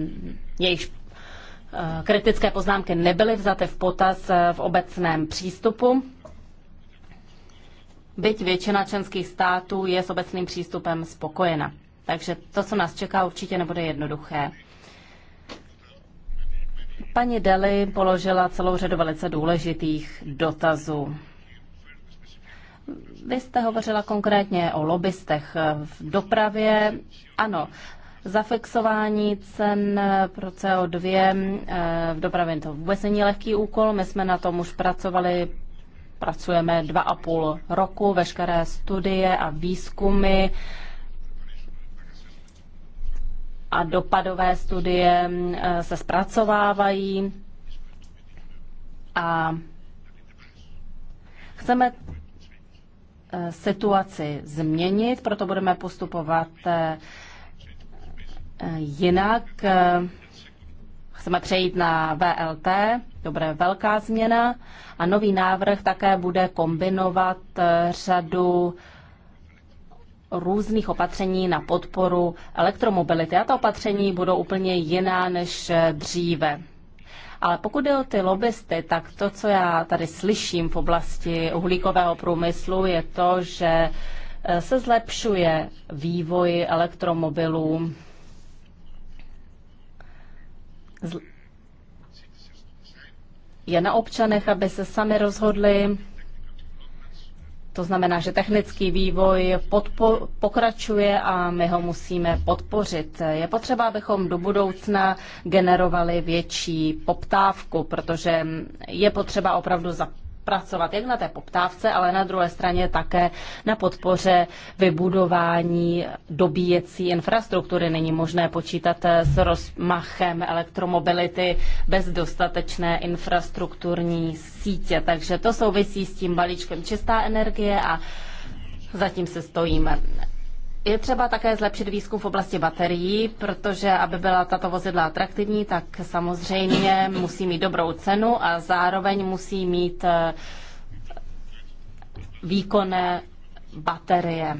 S1: jejich eh, kritické poznámky nebyly vzaty v potaz eh, v obecném přístupu. Byť většina členských států je s obecným přístupem spokojena. Takže to, co nás čeká, určitě nebude jednoduché. Paní Deli položila celou řadu velice důležitých dotazů. Vy jste hovořila konkrétně o lobbystech v dopravě. Ano, zafixování cen pro CO2 eh, v dopravě to vůbec není lehký úkol. My jsme na tom už pracovali pracujeme dva a půl roku, veškeré studie a výzkumy a dopadové studie eh, se zpracovávají a chceme Eh, situaci změnit, proto budeme postupovat eh, jinak. Eh, chceme přejít na VLT, to bude velká změna a nový návrh také bude kombinovat řadu různých opatření na podporu elektromobility. A ta opatření budou úplně jiná než dříve. Ale pokud jde o ty lobbysty, tak to, co já tady slyším v oblasti uhlíkového průmyslu, je to, že eh, se zlepšuje vývoj elektromobilů. Je na občanech, aby se sami rozhodli, to znamená, že technický vývoj podpo- pokračuje a my ho musíme podpořit. Je potřeba, abychom do budoucna generovali větší poptávku, protože je potřeba opravdu zapojit pracovat jak na té poptávce, ale na druhé straně také na podpoře vybudování dobíjecí infrastruktury. Není možné počítat s rozmachem elektromobility bez dostatečné infrastrukturní sítě. Takže to souvisí s tím balíčkem čistá energie a zatím se stojíme. Je třeba také zlepšit výzkum v oblasti baterií, protože aby byla tato vozidla atraktivní, tak samozřejmě musí mít dobrou cenu a zároveň musí mít eh, výkonné baterie.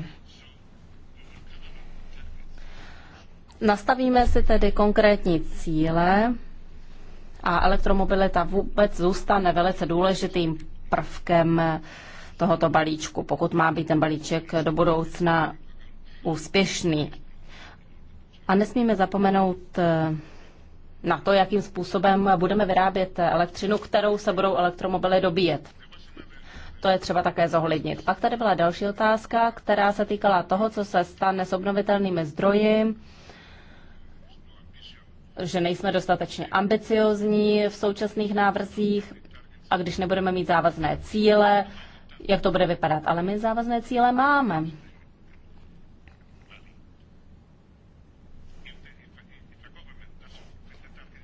S1: Nastavíme si tedy konkrétní cíle a elektromobilita vůbec zůstane velice důležitým prvkem tohoto balíčku, pokud má být ten balíček do budoucna úspěšný. A nesmíme zapomenout eh, na to, jakým způsobem budeme vyrábět elektřinu, kterou se budou elektromobily dobíjet. To je třeba také zohlednit. Pak tady byla další otázka, která se týkala toho, co se stane s obnovitelnými zdroji, že nejsme dostatečně ambiciozní v současných návrzích a když nebudeme mít závazné cíle, jak to bude vypadat. Ale my závazné cíle máme.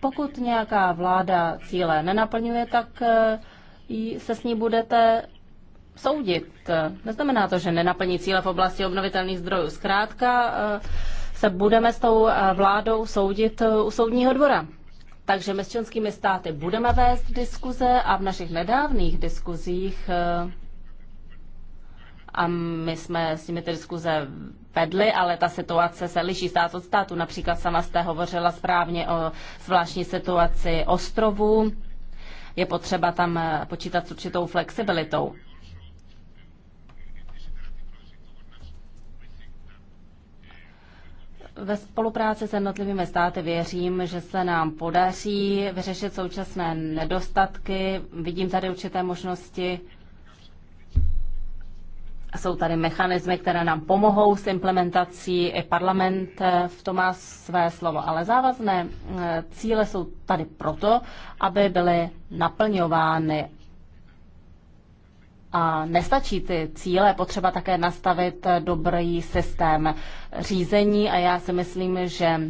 S1: Pokud nějaká vláda cíle nenaplňuje, tak eh, se s ní budete soudit. Neznamená to, že nenaplní cíle v oblasti obnovitelných zdrojů. Zkrátka eh, se budeme s tou eh, vládou soudit u soudního dvora. Takže my s členskými státy budeme vést diskuze a v našich nedávných diskuzích a my jsme s nimi ty diskuze vedli, ale ta situace se liší stát od státu. Například sama jste hovořila správně o zvláštní situaci ostrovů. Je potřeba tam počítat s určitou flexibilitou. Ve spolupráci s jednotlivými státy věřím, že se nám podaří vyřešit současné nedostatky. Vidím tady určité možnosti jsou tady mechanismy, které nám pomohou s implementací. I parlament eh, v tom má své slovo. Ale závazné eh, cíle jsou tady proto, aby byly naplňovány. A nestačí ty cíle, potřeba také nastavit eh, dobrý systém řízení a já si myslím, že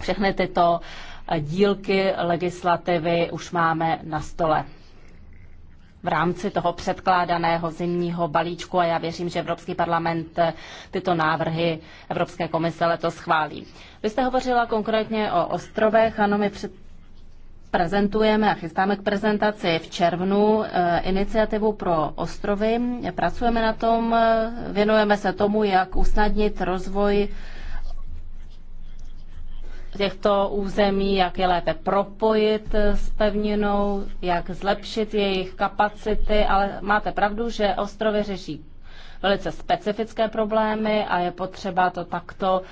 S1: všechny tyto dílky legislativy už máme na stole v rámci toho předkládaného zimního balíčku a já věřím, že Evropský parlament eh, tyto návrhy Evropské komise letos schválí. Vy jste hovořila konkrétně o ostrovech, ano, my před prezentujeme a chystáme k prezentaci v červnu eh, iniciativu pro ostrovy. Pracujeme na tom, eh, věnujeme se tomu, jak usnadnit rozvoj těchto území, jak je lépe propojit s pevninou, jak zlepšit jejich kapacity, ale máte pravdu, že ostrovy řeší velice specifické problémy a je potřeba to takto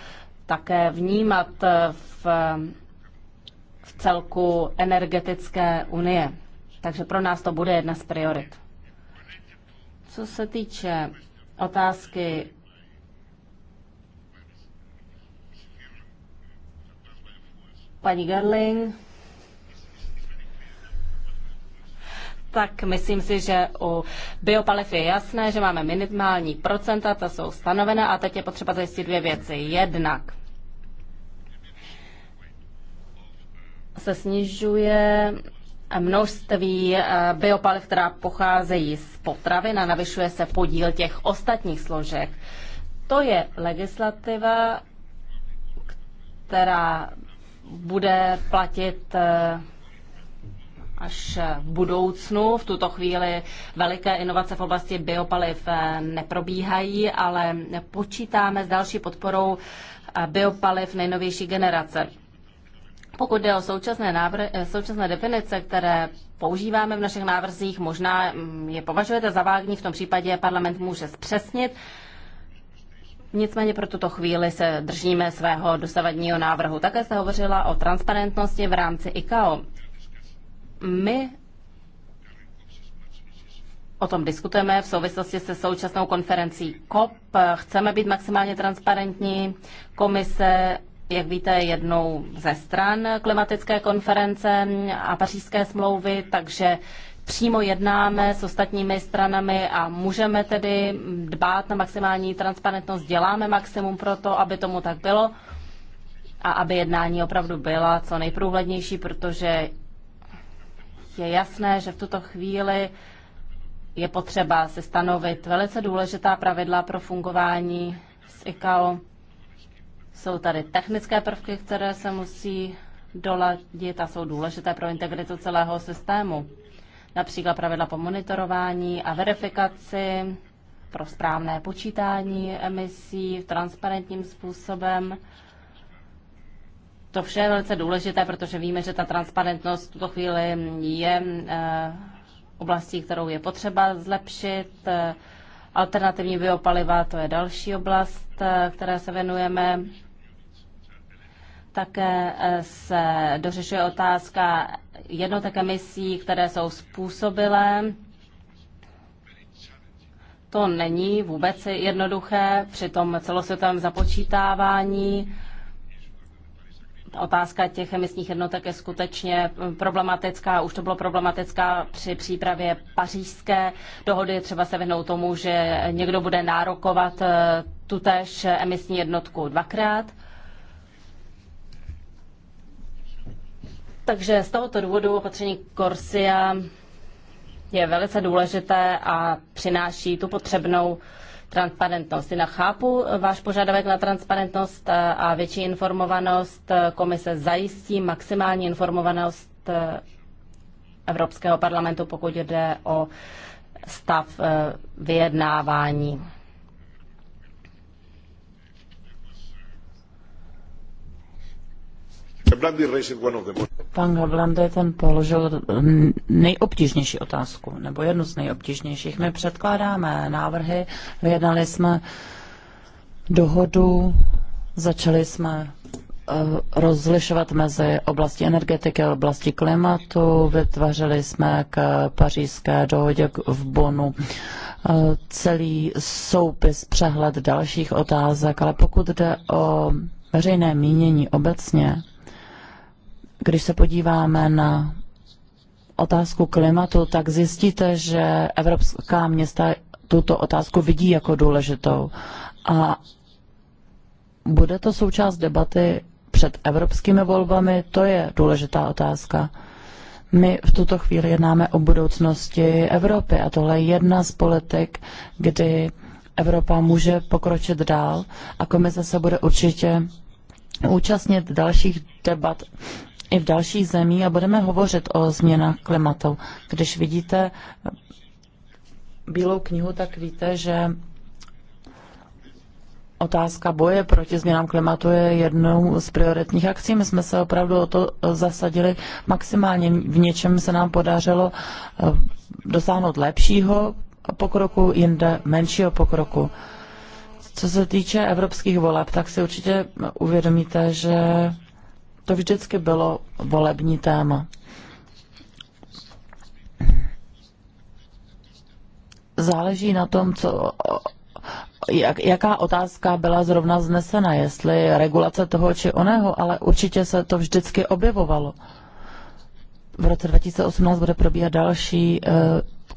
S1: také vnímat v, v celku energetické unie. Takže pro nás to bude jedna z priorit. Co se týče otázky paní Gerling. tak myslím si, že u biopaliv je jasné, že máme minimální procenta, ta jsou stanovena, a teď je potřeba zajistit dvě věci. Jednak se snižuje množství eh, biopaliv, která pocházejí z potravin a navyšuje se podíl těch ostatních složek. To je legislativa, která bude platit eh, až v budoucnu. V tuto chvíli veliké inovace v oblasti biopaliv eh, neprobíhají, ale počítáme s další podporou eh, biopaliv nejnovější generace. Pokud jde o současné, návr- současné definice, které používáme v našich návrzích, možná mm, je považujete za vágní, v tom případě parlament může zpřesnit. Nicméně pro tuto chvíli se držíme svého dosavadního návrhu. Také se hovořila o transparentnosti v rámci ICAO. My O tom diskutujeme v souvislosti se současnou konferencí COP. Chceme být maximálně transparentní. Komise, jak víte, je jednou ze stran klimatické konference a pařížské smlouvy, takže přímo jednáme s ostatními stranami a můžeme tedy dbát na maximální transparentnost, děláme maximum pro to, aby tomu tak bylo a aby jednání opravdu byla co nejprůhlednější, protože je jasné, že v tuto chvíli je potřeba se stanovit velice důležitá pravidla pro fungování s ICAO. Jsou tady technické prvky, které se musí doladit a jsou důležité pro integritu celého systému například pravidla po monitorování a verifikaci pro správné počítání emisí transparentním způsobem. To vše je velice důležité, protože víme, že ta transparentnost v tuto chvíli je eh, oblastí, kterou je potřeba zlepšit. Eh, alternativní biopaliva, to je další oblast, eh, které se věnujeme. Také eh, se dořešuje otázka jednotek emisí, které jsou způsobilé. To není vůbec jednoduché při tom celosvětovém započítávání. Otázka těch emisních jednotek je skutečně problematická. Už to bylo problematická při přípravě pařížské dohody. Třeba se vyhnout tomu, že někdo bude nárokovat eh, tutéž emisní jednotku dvakrát. Takže z tohoto důvodu opatření Corsia je velice důležité a přináší tu potřebnou transparentnost. Jinak chápu váš požadavek na transparentnost a větší informovanost. Komise zajistí maximální informovanost Evropského parlamentu, pokud jde o stav eh, vyjednávání.
S3: Pan Gavlande ten položil nejobtížnější otázku, nebo jednu z nejobtížnějších. My předkládáme návrhy, vyjednali jsme dohodu, začali jsme eh, rozlišovat mezi oblasti energetiky a oblasti klimatu. Vytvořili jsme k pařížské dohodě v Bonu eh, celý soupis, přehled dalších otázek, ale pokud jde o veřejné mínění obecně, když se podíváme na otázku klimatu, tak zjistíte, že evropská města tuto otázku vidí jako důležitou. A bude to součást debaty před evropskými volbami? To je důležitá otázka. My v tuto chvíli jednáme o budoucnosti Evropy a tohle je jedna z politik, kdy Evropa může pokročit dál a komise se bude určitě účastnit dalších debat i v dalších zemích a budeme hovořit o změnách klimatu. Když vidíte Bílou knihu, tak víte, že otázka boje proti změnám klimatu je jednou z prioritních akcí. My jsme se opravdu o to zasadili maximálně. V něčem se nám podařilo eh, dosáhnout lepšího pokroku, jinde menšího pokroku. Co se týče evropských voleb, tak si určitě uvědomíte, že to vždycky bylo volební téma. Záleží na tom, co jak, jaká otázka byla zrovna znesena, jestli regulace toho či oného, ale určitě se to vždycky objevovalo. V roce 2018 bude probíhat další e,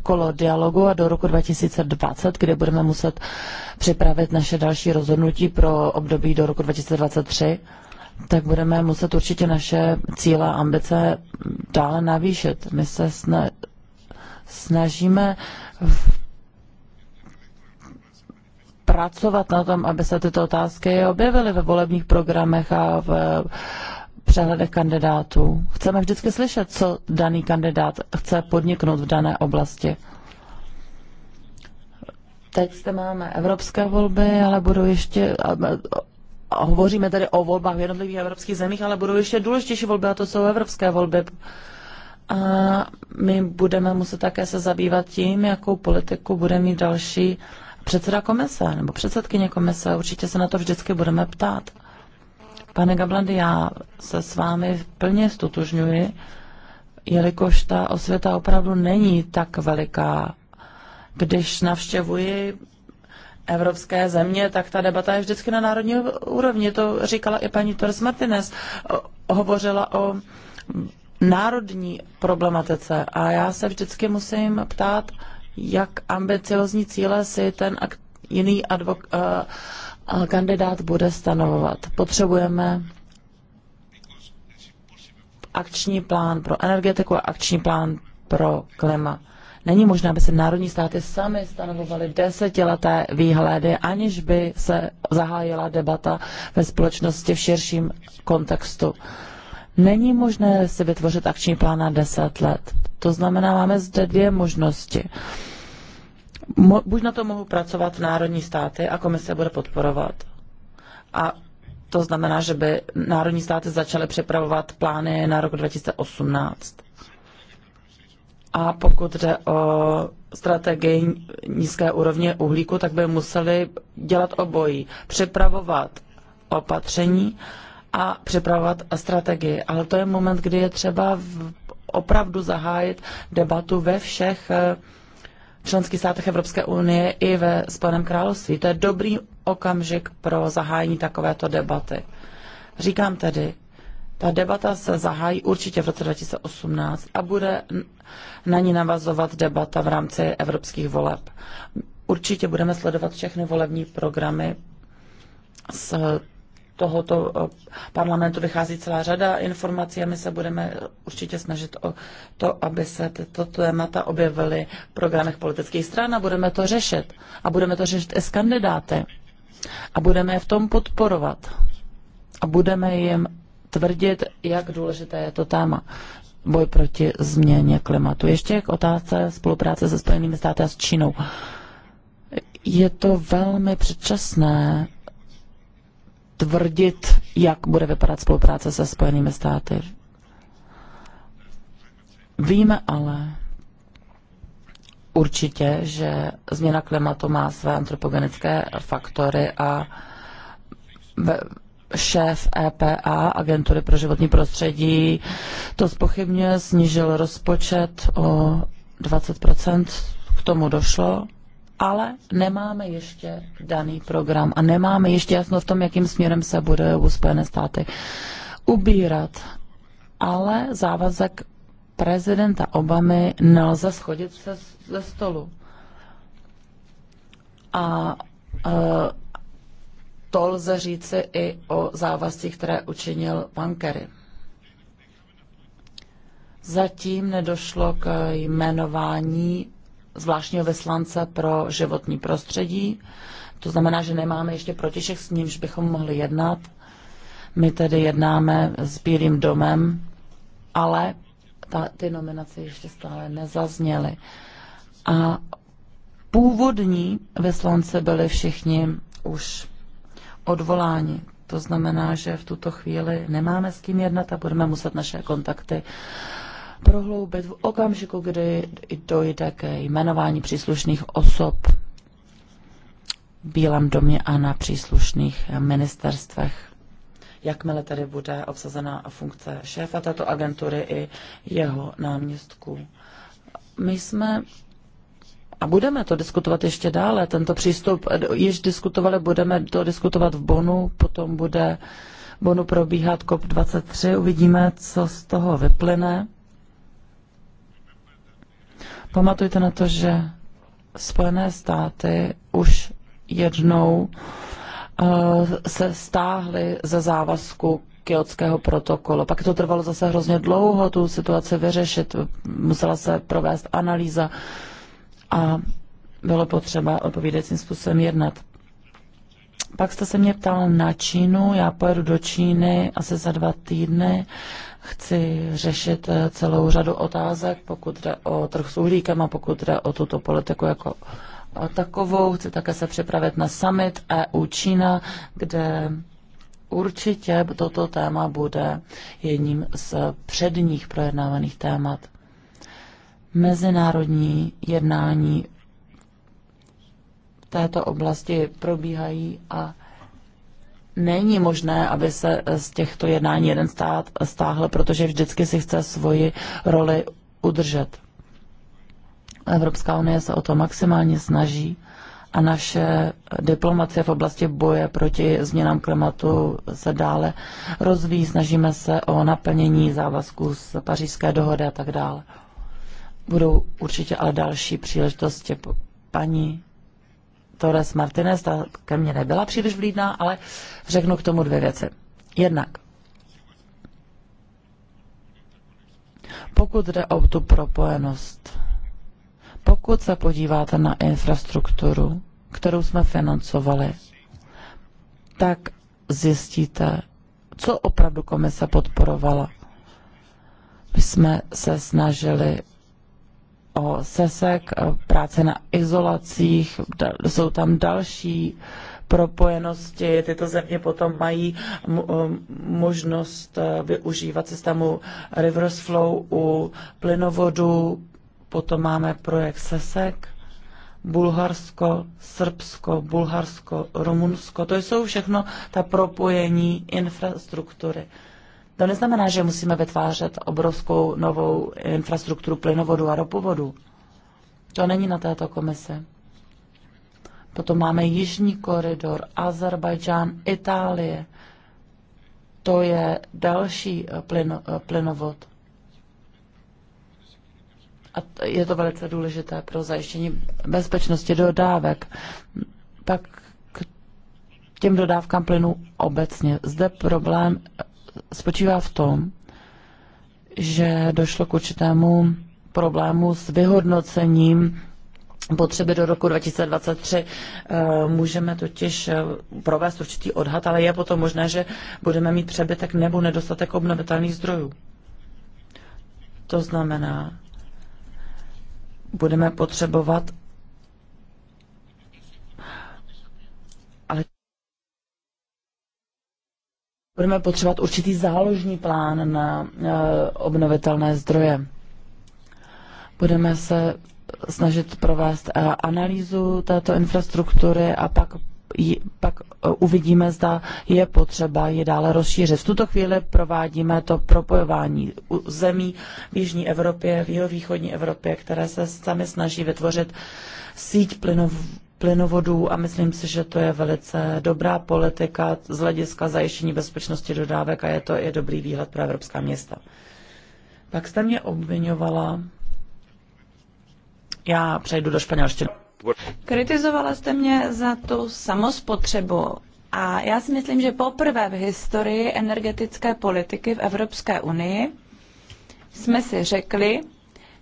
S3: kolo dialogu a do roku 2020, kde budeme muset připravit naše další rozhodnutí pro období do roku 2023, tak budeme muset určitě naše cíle a ambice dále navýšit. My se snažíme v pracovat na tom, aby se tyto otázky objevily ve volebních programech a v přehledech kandidátů. Chceme vždycky slyšet, co daný kandidát chce podniknout v dané oblasti. Teď zde máme evropské volby, ale budou ještě hovoříme tady o volbách v jednotlivých evropských zemích, ale budou ještě důležitější volby a to jsou evropské volby. A my budeme muset také se zabývat tím, jakou politiku bude mít další předseda komise nebo předsedkyně komise. Určitě se na to vždycky budeme ptát. Pane Gablandy, já se s vámi plně stotožňuji, jelikož ta osvěta opravdu není tak veliká. Když navštěvuji evropské země, tak ta debata je vždycky na národní úrovni. To říkala i paní Torres Martinez. Hovořila o národní problematice a já se vždycky musím ptát, jak ambiciozní cíle si ten jiný advok, uh, kandidát bude stanovovat. Potřebujeme akční plán pro energetiku a akční plán pro klima. Není možné, aby se národní státy sami stanovovaly desetileté výhledy, aniž by se zahájila debata ve společnosti v širším kontextu. Není možné si vytvořit akční plán na deset let. To znamená, máme zde dvě možnosti. Mo, buď na to mohou pracovat národní státy a komise bude podporovat. A to znamená, že by národní státy začaly připravovat plány na rok 2018. A pokud jde o strategii nízké úrovně uhlíku, tak by museli dělat obojí. Připravovat opatření a připravovat strategii. Ale to je moment, kdy je třeba opravdu zahájit debatu ve všech eh, členských státech Evropské unie i ve Spojeném království. To je dobrý okamžik pro zahájení takovéto debaty. Říkám tedy, ta debata se zahájí určitě v roce 2018 a bude na ní navazovat debata v rámci evropských voleb. Určitě budeme sledovat všechny volební programy s tohoto eh, parlamentu vychází celá řada informací a my se budeme určitě snažit o to, aby se tyto témata objevily v programech politických stran a budeme to řešit. A budeme to řešit i s kandidáty. A budeme je v tom podporovat. A budeme jim tvrdit, jak důležité je to téma boj proti změně klimatu. Ještě k otázce spolupráce se Spojenými státy a s Čínou. Je to velmi předčasné tvrdit, jak bude vypadat spolupráce se Spojenými státy. Víme ale určitě, že změna klimatu má své antropogenické faktory a ve, šéf EPA, Agentury pro životní prostředí, to spochybňuje, snížil rozpočet o 20%, k tomu došlo, ale nemáme ještě daný program a nemáme ještě jasno v tom, jakým směrem se bude u Spojené státy ubírat. Ale závazek prezidenta Obamy nelze schodit se, ze stolu. A e, to lze říci i o závazcích, které učinil pan Kerry. Zatím nedošlo k jmenování zvláštního vyslance pro životní prostředí.
S1: To znamená, že nemáme
S3: ještě protišek, s nímž bychom mohli jednat. My tedy jednáme s Bílým domem, ale ta, ty nominace ještě stále nezazněly. A původní vyslance byli všichni už odvoláni. To znamená, že v tuto chvíli nemáme s kým jednat a budeme muset naše kontakty prohloubit v okamžiku, kdy dojde ke jmenování příslušných osob v Bílém domě a na příslušných ministerstvech. Jakmile tady bude obsazena funkce šéfa této agentury i jeho náměstku. My jsme a budeme to diskutovat ještě dále, tento přístup již diskutovali, budeme to diskutovat v Bonu, potom bude Bonu probíhat COP23, uvidíme, co z toho vyplyne. Pamatujte na to, že Spojené státy už jednou eh, se stáhly ze závazku kyotského protokolu. Pak to trvalo zase hrozně dlouho tu situaci vyřešit, musela se provést analýza a bylo potřeba odpovídajícím způsobem jednat. Pak jste se mě ptal na Čínu, já pojedu do Číny asi za dva týdny. Chci řešit eh, celou řadu otázek, pokud jde o trh s uhlíkem a pokud jde o tuto politiku jako takovou. Chci také se připravit na summit EU Čína, kde určitě toto téma bude jedním z předních projednávaných témat mezinárodní jednání v této oblasti probíhají a není možné, aby se z těchto jednání jeden stát stáhl, protože vždycky si chce svoji roli udržet. Evropská unie se o to maximálně snaží a naše diplomacie v oblasti boje proti změnám klimatu se dále rozvíjí. Snažíme se o naplnění závazků z pařížské dohody a tak dále. Budou určitě ale další příležitosti. Paní Torres Martinez, ta ke mně nebyla příliš vlídná, ale řeknu k tomu dvě věci. Jednak, pokud jde o tu propojenost, pokud se podíváte na infrastrukturu, kterou jsme financovali, tak zjistíte, co opravdu komise podporovala. My jsme se snažili o sesek, práce na izolacích, jsou tam další propojenosti. Tyto země potom mají možnost eh, využívat systému reverse flow u plynovodu. Potom máme projekt SESEK, Bulharsko, Srbsko, Bulharsko, Rumunsko. To jsou všechno ta propojení infrastruktury. To neznamená, že musíme vytvářet obrovskou novou infrastrukturu plynovodu a ropovodu. To není na této komisi. Potom máme Jižní koridor, Azerbajdžán, Itálie. To je další eh, plyn, eh, plynovod. A je to velice důležité pro zajištění bezpečnosti dodávek. Pak k těm dodávkám plynu obecně. Zde problém eh, spočívá v tom, že došlo k určitému problému s vyhodnocením potřeby do roku 2023. Eh, můžeme totiž eh, provést určitý odhad, ale je potom možné, že budeme mít přebytek nebo nedostatek obnovitelných zdrojů. To znamená, budeme potřebovat budeme potřebovat určitý záložní plán na eh, obnovitelné zdroje. Budeme se snažit provést eh, analýzu této infrastruktury a pak pak eh, uvidíme, zda je potřeba je dále rozšířit. V tuto chvíli provádíme to propojování zemí v Jižní Evropě, v jihovýchodní Evropě, které se sami snaží vytvořit síť plynových plynovodů a myslím si, že to je velice dobrá politika z hlediska zajištění bezpečnosti dodávek a je to i dobrý výhled pro evropská města. Pak jste mě obvinovala, já přejdu do španělštiny.
S2: Kritizovala jste mě za tu samospotřebu a já si myslím, že poprvé v historii energetické politiky v Evropské unii jsme si řekli,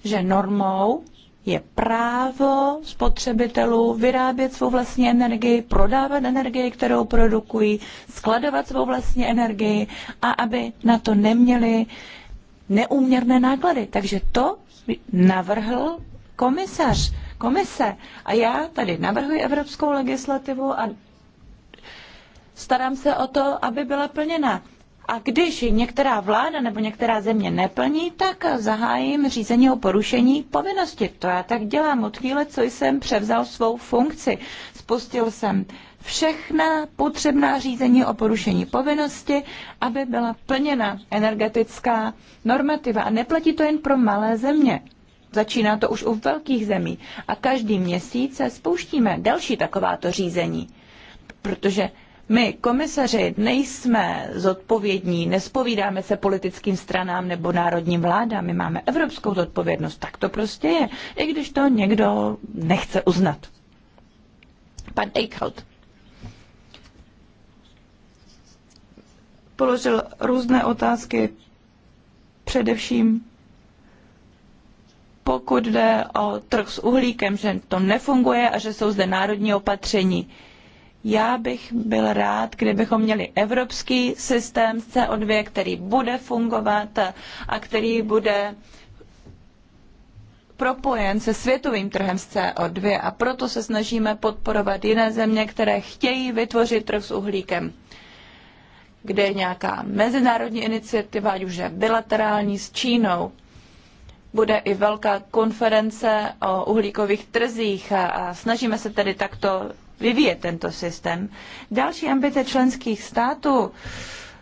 S2: že normou je právo spotřebitelů vyrábět svou vlastní energii, prodávat energii, kterou produkují, skladovat svou vlastní energii a aby na to neměli neúměrné náklady. Takže to navrhl komisař, komise. A já tady navrhuji evropskou legislativu a starám se o to, aby byla plněna. A když některá vláda nebo některá země neplní, tak zahájím řízení o porušení povinnosti. To já tak dělám od chvíle, co jsem převzal svou funkci. Spustil jsem všechna potřebná řízení o porušení povinnosti, aby byla plněna energetická normativa. A neplatí to jen pro malé země. Začíná to už u velkých zemí. A každý měsíc se spouštíme další takováto řízení. Protože my, komisaři, nejsme zodpovědní, nespovídáme se politickým stranám nebo národním vládám, my máme evropskou zodpovědnost, tak to prostě je, i když to někdo nechce uznat. Pan Eichhout položil různé otázky, především pokud jde o trh s uhlíkem, že to nefunguje a že jsou zde národní opatření. Já bych byl rád, kdybychom měli evropský systém CO2, který bude fungovat a který bude propojen se světovým trhem s CO2 a proto se snažíme podporovat jiné země, které chtějí vytvořit trh s uhlíkem kde je nějaká mezinárodní iniciativa, ať už je bilaterální s Čínou, bude i velká konference o uhlíkových trzích a, a snažíme se tedy takto vyvíjet tento systém. Další ambice členských států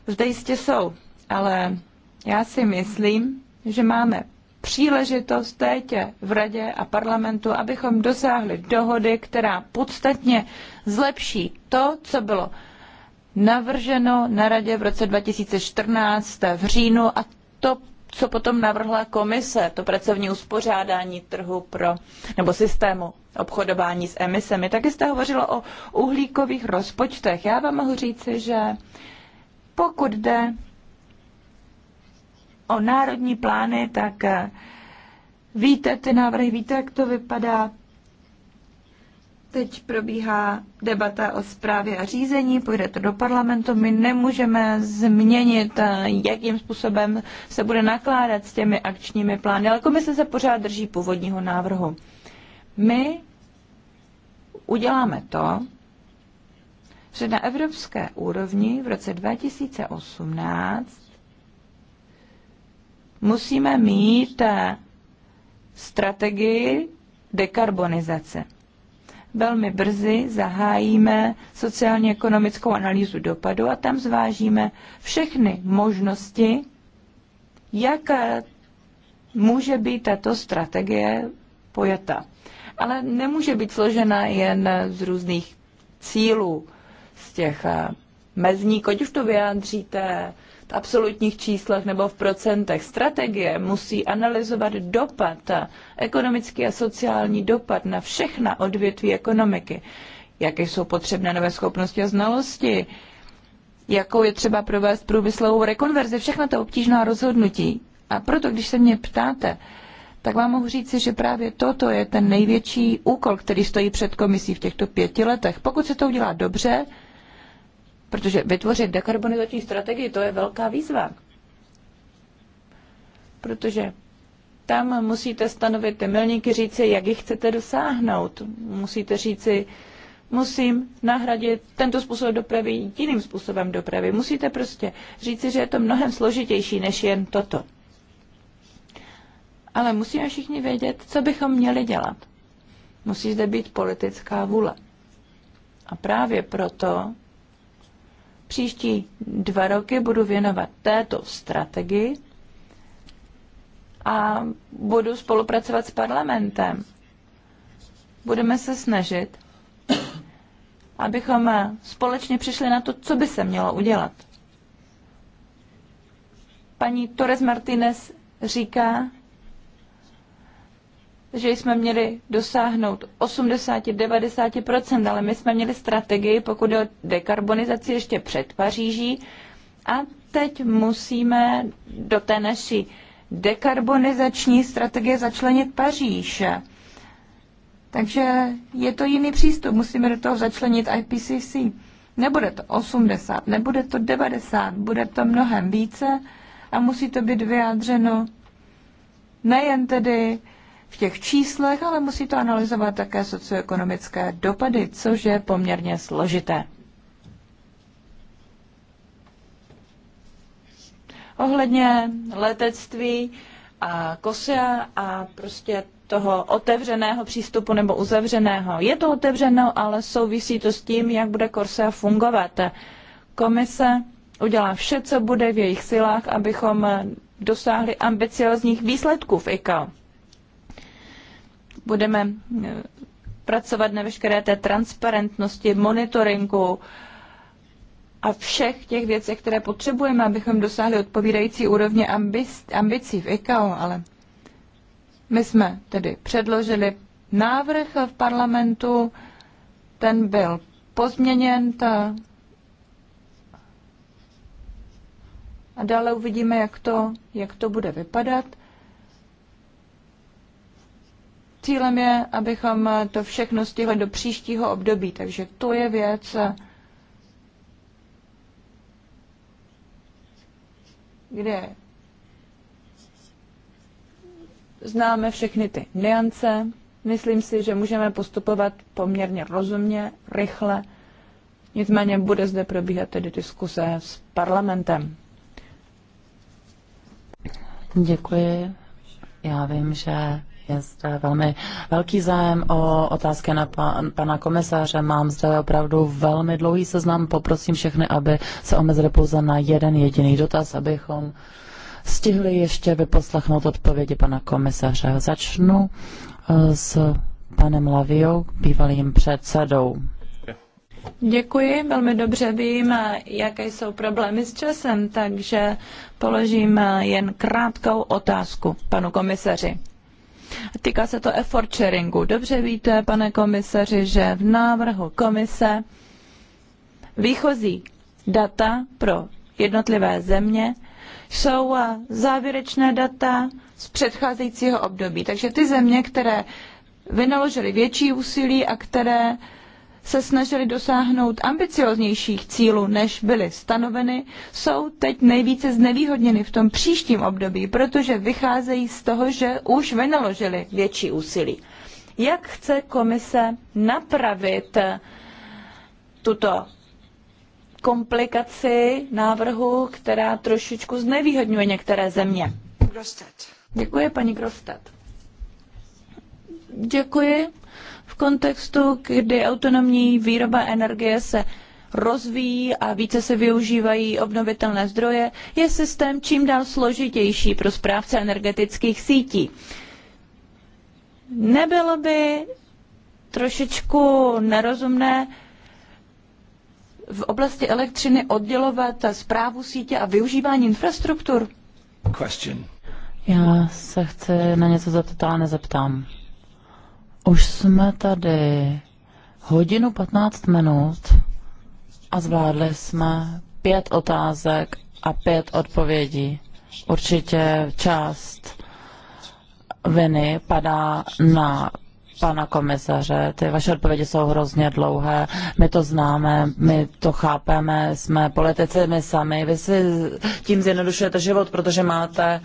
S2: zde jistě jsou, ale já si myslím, že máme příležitost teď v Radě a parlamentu, abychom dosáhli dohody, která podstatně zlepší to, co bylo navrženo na Radě v roce 2014 v říjnu a to, co potom navrhla komise, to pracovní uspořádání trhu pro, nebo systému obchodování s emisemi. Taky jste hovořila o uhlíkových rozpočtech. Já vám mohu říci, že pokud jde o národní plány, tak eh, víte ty návrhy, víte, jak to vypadá. Teď probíhá debata o zprávě a řízení, půjde to do parlamentu. My nemůžeme změnit, eh, jakým způsobem se bude nakládat s těmi akčními plány, ale komise se pořád drží původního návrhu. My uděláme to, že na evropské úrovni v roce 2018 musíme mít eh, strategii dekarbonizace. Velmi brzy zahájíme sociálně ekonomickou analýzu dopadu a tam zvážíme všechny možnosti, jak eh, může být tato strategie pojata ale nemůže být složena jen z různých cílů, z těch eh, mezník, ať už to vyjádříte v absolutních číslech nebo v procentech. Strategie musí analyzovat dopad, ekonomický a sociální dopad na všechna odvětví ekonomiky, jaké jsou potřebné nové schopnosti a znalosti, jakou je třeba provést průmyslovou rekonverzi, všechno to obtížná rozhodnutí. A proto, když se mě ptáte, tak vám mohu říci, že právě toto je ten největší úkol, který stojí před komisí v těchto pěti letech. Pokud se to udělá dobře, protože vytvořit dekarbonizační strategii, to je velká výzva. Protože tam musíte stanovit ty milníky, říci, jak ji chcete dosáhnout. Musíte říci, musím nahradit tento způsob dopravy jiným způsobem dopravy. Musíte prostě říci, že je to mnohem složitější než jen toto. Ale musíme všichni vědět, co bychom měli dělat. Musí zde být politická vůle. A právě proto příští dva roky budu věnovat této strategii a budu spolupracovat s parlamentem. Budeme se snažit, abychom společně přišli na to, co by se mělo udělat. Paní Torres Martinez říká, že jsme měli dosáhnout 80-90%, ale my jsme měli strategii, pokud o dekarbonizaci ještě před Paříží a teď musíme do té naší dekarbonizační strategie začlenit Paříž. Takže je to jiný přístup, musíme do toho začlenit IPCC. Nebude to 80, nebude to 90, bude to mnohem více a musí to být vyjádřeno nejen tedy v těch číslech, ale musí to analyzovat také socioekonomické dopady, což je poměrně složité. Ohledně letectví a kosia a prostě toho otevřeného přístupu nebo uzavřeného. Je to otevřeno, ale souvisí to s tím, jak bude Corsia fungovat. Komise udělá vše, co bude v jejich silách, abychom dosáhli ambiciozních výsledků v ICAO budeme eh, pracovat na veškeré té transparentnosti, monitoringu a všech těch věcech, které potřebujeme, abychom dosáhli odpovídající úrovně ambicí v ICAO, ale my jsme tedy předložili návrh v parlamentu, ten byl pozměněn, ta a dále uvidíme, jak to, jak to bude vypadat. Cílem je, abychom to všechno stihli do příštího období, takže to je věc, kde známe všechny ty niance. Myslím si, že můžeme postupovat poměrně rozumně, rychle. Nicméně bude zde probíhat tedy diskuse s parlamentem.
S3: Děkuji. Já vím, že je zde velmi velký zájem o otázky na pan, pana komisáře. Mám zde opravdu velmi dlouhý seznam. Poprosím všechny, aby se omezili pouze na jeden jediný dotaz, abychom stihli ještě vyposlechnout odpovědi pana komisaře. Začnu eh, s panem Laviou, bývalým předsedou.
S2: Děkuji, velmi dobře vím, jaké jsou problémy s časem, takže položím eh, jen krátkou otázku panu komisaři. Týká se to effort sharingu. Dobře víte, pane komisaři, že v návrhu komise výchozí data pro jednotlivé země jsou eh, závěrečné data z předcházejícího období. Takže ty země, které vynaložily větší úsilí a které se snažili dosáhnout ambicioznějších cílů, než byly stanoveny, jsou teď nejvíce znevýhodněny v tom příštím období, protože vycházejí z toho, že už vynaložili větší úsilí. Jak chce komise napravit eh, tuto komplikaci návrhu, která trošičku znevýhodňuje některé země? Děkuji, paní Grostet. Děkuji kontextu, kdy autonomní výroba energie se rozvíjí a více se využívají obnovitelné zdroje, je systém čím dál složitější pro správce energetických sítí. Nebylo by trošičku nerozumné v oblasti elektřiny oddělovat zprávu sítě a využívání infrastruktur?
S1: Question.
S3: Já se chci na něco zeptat, ale nezeptám. Už jsme tady hodinu 15 minut a zvládli jsme pět otázek a pět odpovědí. Určitě část viny padá na pana komisaře. Ty vaše odpovědi jsou hrozně dlouhé. My to známe, my to chápeme, jsme politici my sami. Vy si tím zjednodušujete život, protože máte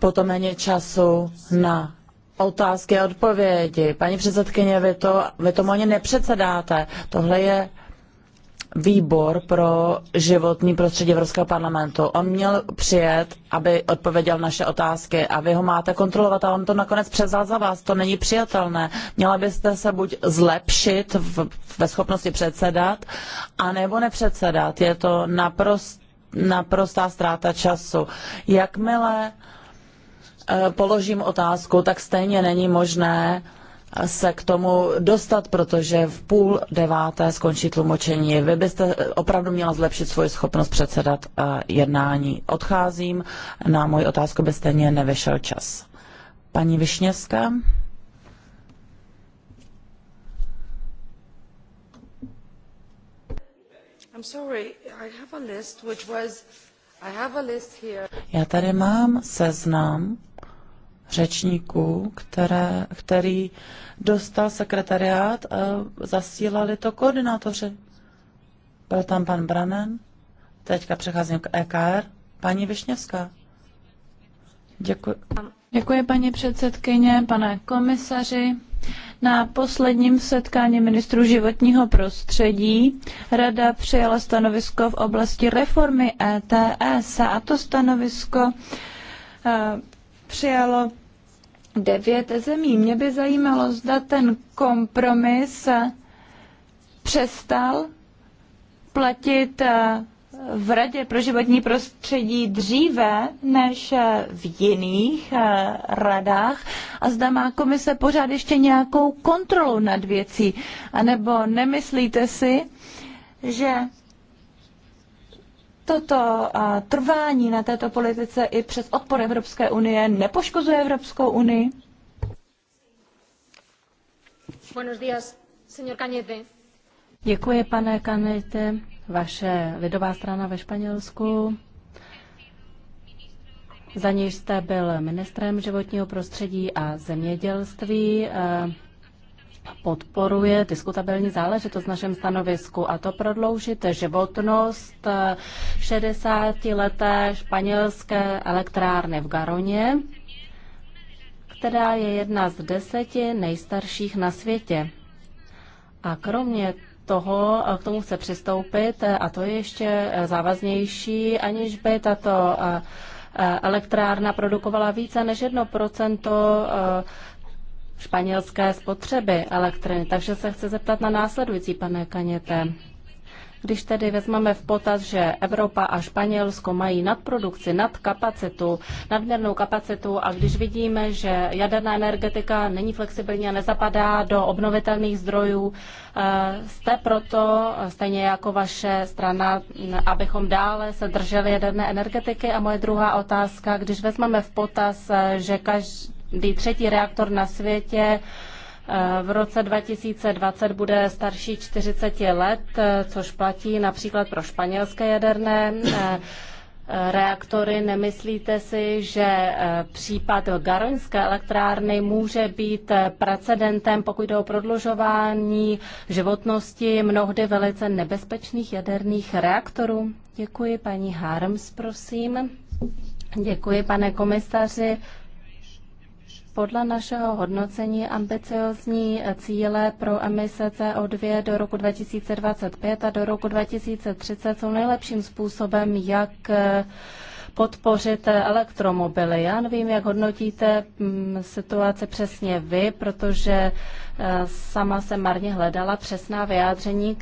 S3: potom méně času na otázky a odpovědi. Paní předsedkyně, vy, to, vy tomu ani nepředsedáte. Tohle je výbor pro životní prostředí Evropského parlamentu. On měl přijet, aby odpověděl naše otázky a vy ho máte kontrolovat a on to nakonec převzal za vás. To není přijatelné. Měla byste se buď zlepšit v, ve schopnosti předsedat, anebo nepředsedat. Je to naprost, naprostá ztráta času. Jakmile Eh, položím otázku, tak stejně není možné eh, se k tomu dostat, protože v půl deváté skončí tlumočení. Vy byste eh, opravdu měla zlepšit svoji schopnost předsedat jednání. Odcházím, na moji otázku by stejně nevyšel čas. Paní Višněvská? Já tady mám seznam řečníků, které, který dostal sekretariát a zasílali to koordinátoři. Byl tam pan Branen, teďka přecházím k EKR, paní Višněvská. Děkuji.
S2: Děkuji paní předsedkyně, pane komisaři. Na posledním setkání ministrů životního prostředí Rada přijala stanovisko v oblasti reformy ETS a to stanovisko přijalo devět zemí. Mě by zajímalo, zda ten kompromis přestal platit eh, v Radě pro životní prostředí dříve než eh, v jiných eh, radách a zda má komise pořád ještě nějakou kontrolu nad věcí, anebo nemyslíte si, že toto trvání na této politice i přes odpor Evropské unie nepoškozuje Evropskou unii?
S1: Děkuji, pane Kanete. Vaše lidová strana ve Španělsku, za níž jste byl ministrem životního prostředí a zemědělství podporuje diskutabilní záležitost v našem stanovisku a to prodloužit životnost 60-leté eh, španělské elektrárny v Garoně, která je jedna z deseti nejstarších na světě. A kromě toho eh, k tomu chce přistoupit eh, a to je ještě závaznější, aniž by tato elektrárna produkovala více než 1% španělské spotřeby elektriny, Takže se chci zeptat na následující, pane Kaněte. Když tedy vezmeme v potaz, že Evropa a Španělsko mají nadprodukci, nadkapacitu, nadměrnou kapacitu a když vidíme, že jaderná energetika není flexibilní a nezapadá do obnovitelných zdrojů, eh, jste proto, stejně jako vaše strana, abychom dále se drželi jaderné energetiky? A moje druhá otázka, když vezmeme v potaz, eh, že každý třetí reaktor na světě eh, v roce 2020 bude starší 40 let, eh, což platí například pro španělské jaderné eh, reaktory. Nemyslíte si, že případ Garoňské elektrárny může být precedentem, pokud jde o prodlužování životnosti mnohdy velice nebezpečných jaderných reaktorů? Děkuji, paní Harms, prosím. Děkuji, pane komisaři podle našeho hodnocení ambiciozní cíle pro emise CO2 do roku 2025 a do roku 2030 jsou nejlepším způsobem, jak eh, podpořit eh, elektromobily. Já nevím, jak hodnotíte mm, situaci přesně vy, protože eh, sama se marně hledala přesná vyjádření,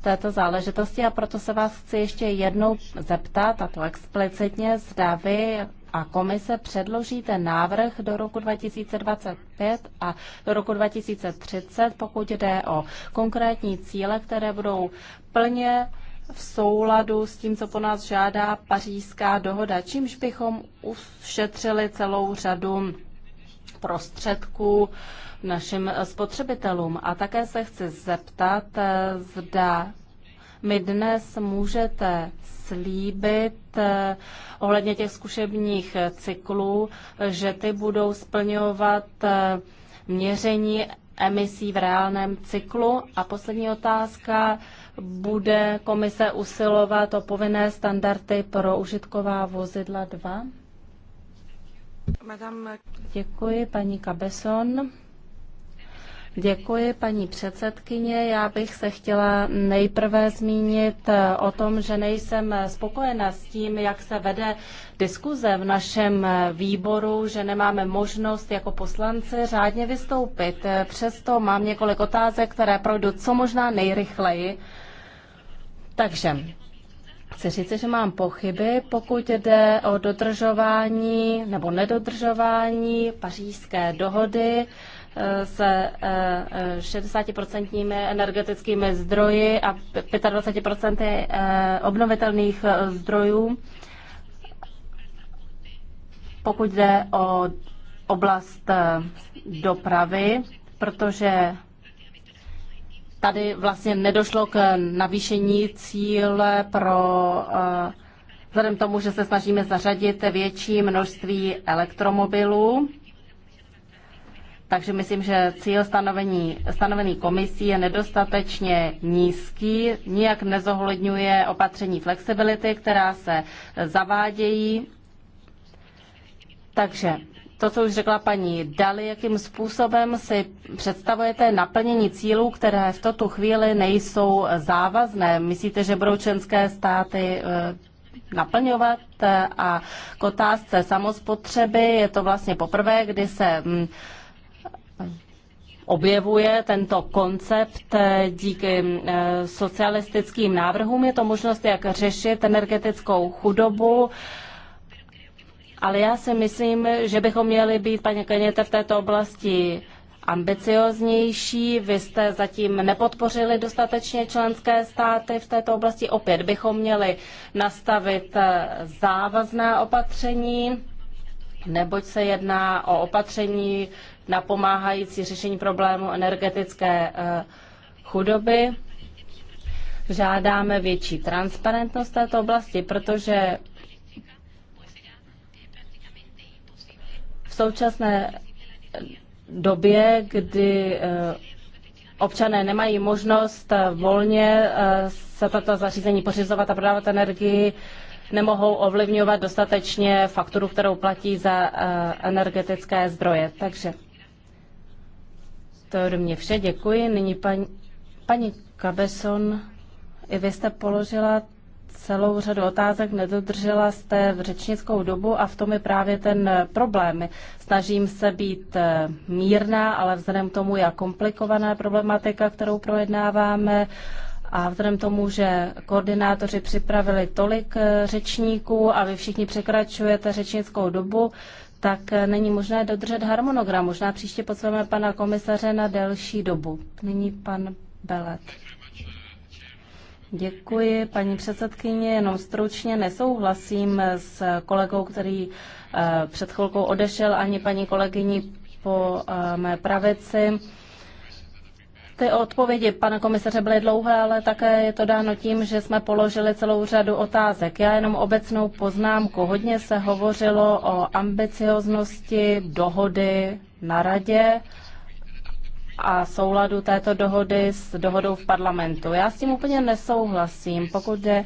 S1: této záležitosti a proto se vás chci ještě jednou zeptat, a to explicitně, zda vy a komise předložíte návrh do roku 2025 a do roku 2030, pokud jde o konkrétní cíle, které budou plně v souladu s tím, co po nás žádá pařížská dohoda, čímž bychom ušetřili celou řadu prostředků, našim eh, spotřebitelům. A také se chci zeptat, eh, zda mi dnes můžete slíbit eh, ohledně těch zkušebních cyklů, že ty budou splňovat měření emisí v reálném cyklu. A poslední otázka, bude komise usilovat o povinné standardy pro užitková vozidla 2? Děkuji, paní Kabeson. Děkuji, paní předsedkyně. Já bych se chtěla nejprve zmínit eh, o tom, že nejsem eh, spokojena s tím, jak se vede diskuze v našem eh, výboru, že nemáme možnost jako poslanci řádně vystoupit. Přesto mám několik otázek, které projdu co možná nejrychleji. Takže Chci říct, že mám pochyby, pokud jde o dodržování nebo nedodržování pařížské dohody Eh, se 60% eh, energetickými zdroji a 25% eh, obnovitelných zdrojů, pokud jde o oblast dopravy, protože tady vlastně nedošlo k navýšení cíle pro vzhledem tomu, že se snažíme zařadit větší množství elektromobilů takže myslím, že cíl stanovení, stanovený komisí je nedostatečně nízký, nijak nezohledňuje opatření flexibility, která se zavádějí. Takže to, co už řekla paní Dali, jakým způsobem si představujete naplnění cílů, které v tuto chvíli nejsou závazné? Myslíte, že budou členské státy eh, naplňovat a k otázce je to vlastně poprvé, kdy se mm, objevuje tento koncept eh, díky eh, socialistickým návrhům. Je to možnost, jak řešit energetickou chudobu. Ale já si myslím, že bychom měli být, paní Keněte, v této oblasti ambicioznější. Vy jste zatím nepodpořili dostatečně členské státy v této oblasti. Opět bychom měli nastavit eh, závazná opatření, neboť se jedná o opatření, napomáhající řešení problému energetické eh, chudoby. Žádáme větší transparentnost této oblasti, protože v současné době, kdy eh, občané nemají možnost eh, volně se tato zařízení pořizovat a prodávat energii, nemohou ovlivňovat dostatečně fakturu, kterou platí za energetické zdroje. Takže to je do mě vše, děkuji. Nyní paní, paní Kabeson, i vy jste položila celou řadu otázek, nedodržela jste v řečnickou dobu a v tom je právě ten problém. Snažím se být eh, mírná, ale vzhledem k tomu, jak komplikovaná problematika, kterou projednáváme, a vzhledem tomu, že koordinátoři připravili tolik eh, řečníků a vy všichni překračujete řečnickou dobu, tak eh, není možné dodržet harmonogram. Možná příště potřebujeme pana komisaře na delší dobu. Nyní pan Belet. Děkuji, paní předsedkyně. Jenom stručně nesouhlasím s kolegou, který eh, před chvilkou odešel, ani paní kolegyní po eh, mé pravici. Ty odpovědi pana komisaře byly dlouhé, ale také je to dáno tím, že jsme položili celou řadu otázek. Já jenom obecnou poznámku. Hodně se hovořilo o ambicioznosti dohody na radě a souladu této dohody s dohodou v parlamentu. Já s tím úplně nesouhlasím. Pokud je,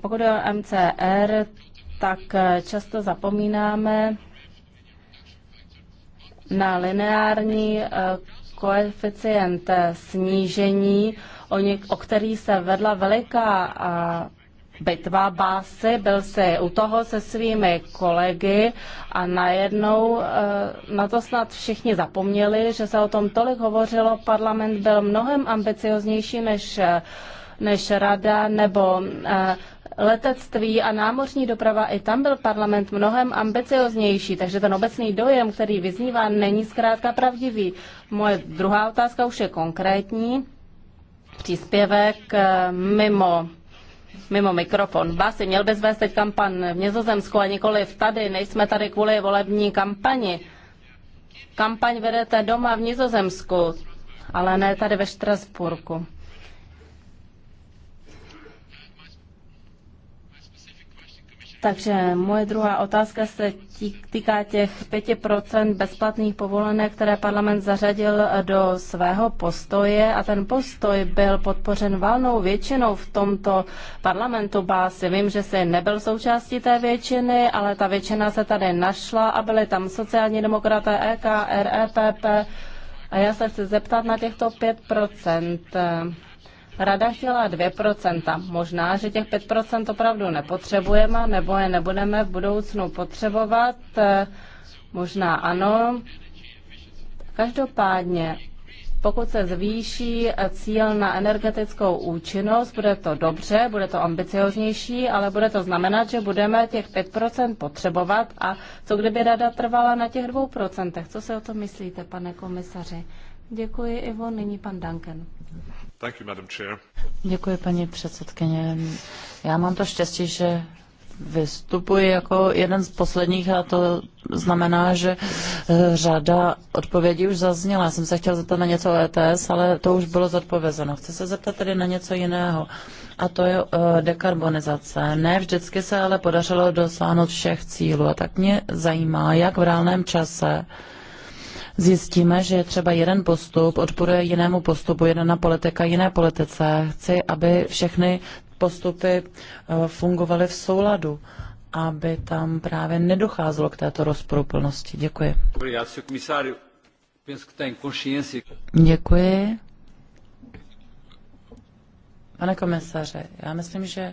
S1: pokud je o MCR, tak často zapomínáme na lineární eh, koeficient eh, snížení, o, který se vedla veliká bitva básy, byl si u toho se svými kolegy a najednou eh, na to snad všichni zapomněli, že se o tom tolik hovořilo. Parlament byl mnohem ambicioznější než eh, než rada nebo letectví a námořní doprava, i tam byl parlament mnohem ambicioznější, takže ten obecný dojem, který vyznívá, není zkrátka pravdivý. Moje druhá otázka už je konkrétní. Příspěvek eh, mimo mimo mikrofon. Basi, měl bys vést teď kampan v Nizozemsku a v tady, nejsme tady kvůli volební kampani. Kampaň vedete doma v Nizozemsku, ale ne tady ve Štrasburku. Takže moje druhá otázka se týká těch 5% bezplatných povolenek, které parlament zařadil do svého postoje a ten postoj byl podpořen valnou většinou v tomto parlamentu. Básy. Vím, že jsi nebyl součástí té většiny, ale ta většina se tady našla a byly tam sociální demokraté, EKR, EPP. A já se chci zeptat na těchto 5%. Rada chtěla 2%. Možná, že těch 5% opravdu nepotřebujeme, nebo je nebudeme v budoucnu potřebovat. Možná ano. Každopádně, pokud se zvýší cíl na energetickou účinnost, bude to dobře, bude to ambicioznější, ale bude to znamenat, že budeme těch 5% potřebovat. A co kdyby rada trvala na těch 2%? Co si o to myslíte, pane komisaři? Děkuji, Ivo. Nyní pan Duncan.
S3: Děkuji, paní předsedkyně. Já mám to štěstí, že vystupuji jako jeden z posledních a to znamená, že eh, řada odpovědí už zazněla. Já jsem se chtěl zeptat na něco o ETS, ale to už bylo zodpovězeno. Chci se zeptat tedy na něco jiného a to je eh, dekarbonizace. Ne vždycky se ale podařilo dosáhnout všech cílů a tak mě zajímá, jak v reálném čase uh, zjistíme, že třeba jeden postup odporuje jinému postupu, jedna politika jiné politice. Chci, aby všechny postupy eh, fungovaly v souladu, aby tam právě nedocházelo k této rozporuplnosti. Děkuji. Děkuji. Pane komisaře, já myslím, že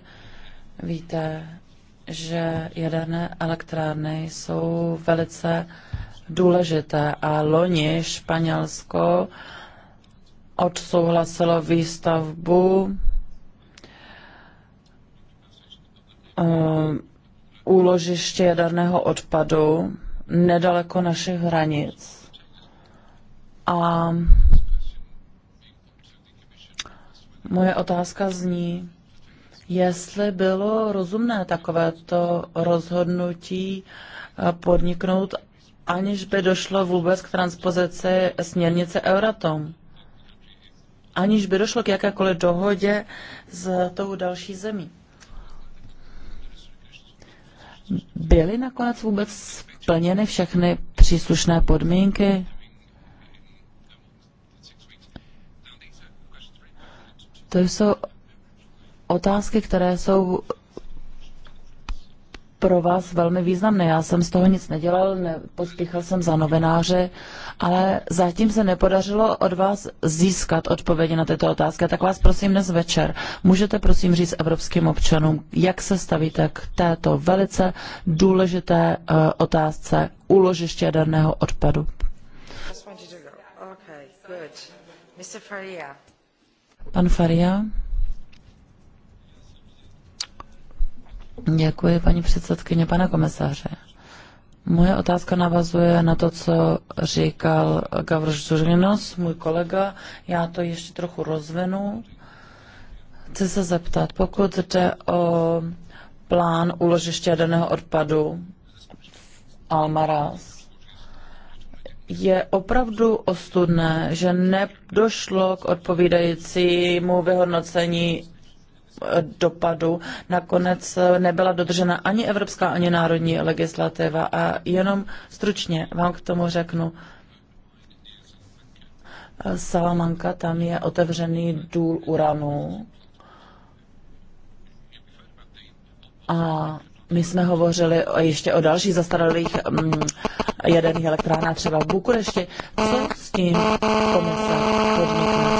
S3: víte, že jaderné elektrárny jsou velice důležité a loni Španělsko odsouhlasilo výstavbu eh, úložiště jaderného odpadu nedaleko našich hranic. A moje otázka zní, jestli bylo rozumné takovéto rozhodnutí eh, podniknout aniž by došlo vůbec k transpozici směrnice Euratom. Aniž by došlo k jakékoliv dohodě s tou další zemí. Byly nakonec vůbec splněny všechny příslušné podmínky? To jsou otázky, které jsou pro vás velmi významné. Já jsem z toho nic nedělal, nepospíchal jsem za novináře, ale zatím se nepodařilo od vás získat odpovědi na tyto otázky. Tak vás prosím dnes večer, můžete prosím říct evropským občanům, jak se stavíte k této velice důležité uh, otázce úložiště jaderného odpadu. Pan Faria. Děkuji, paní předsedkyně, pane komisaře. Moje otázka navazuje na to, co říkal Gavroš Zurinos, můj kolega. Já to ještě trochu rozvinu. Chci se zeptat, pokud jde o plán úložiště jaderného odpadu Almaraz, je opravdu ostudné, že nedošlo k odpovídajícímu vyhodnocení dopadu. Nakonec nebyla dodržena ani evropská, ani národní legislativa. A jenom stručně vám k tomu řeknu, Salamanka, tam je otevřený důl uranu. A my jsme hovořili ještě o dalších zastaralých um, jaderných elektrárnách, třeba v Bukurešti. Co s tím komise podnikne?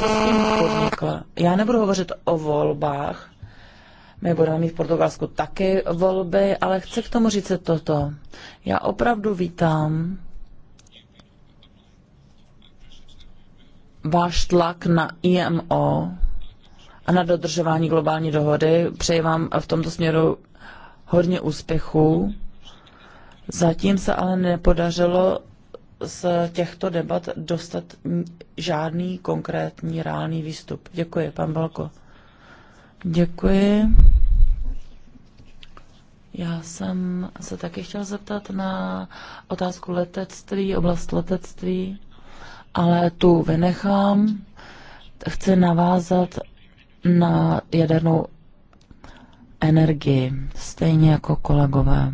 S3: řekla. Já nebudu hovořit o volbách, my budeme mít v Portugalsku taky volby, ale chci k tomu říct toto. Já opravdu vítám váš tlak na IMO a na dodržování globální dohody. Přeji vám v tomto směru hodně úspěchů. Zatím se ale nepodařilo z těchto debat dostat žádný konkrétní reálný výstup. Děkuji, pan Balko. Děkuji. Já jsem se taky chtěl zeptat na otázku letectví, oblast letectví, ale tu vynechám. Chci navázat na jadernou energii, stejně jako kolegové.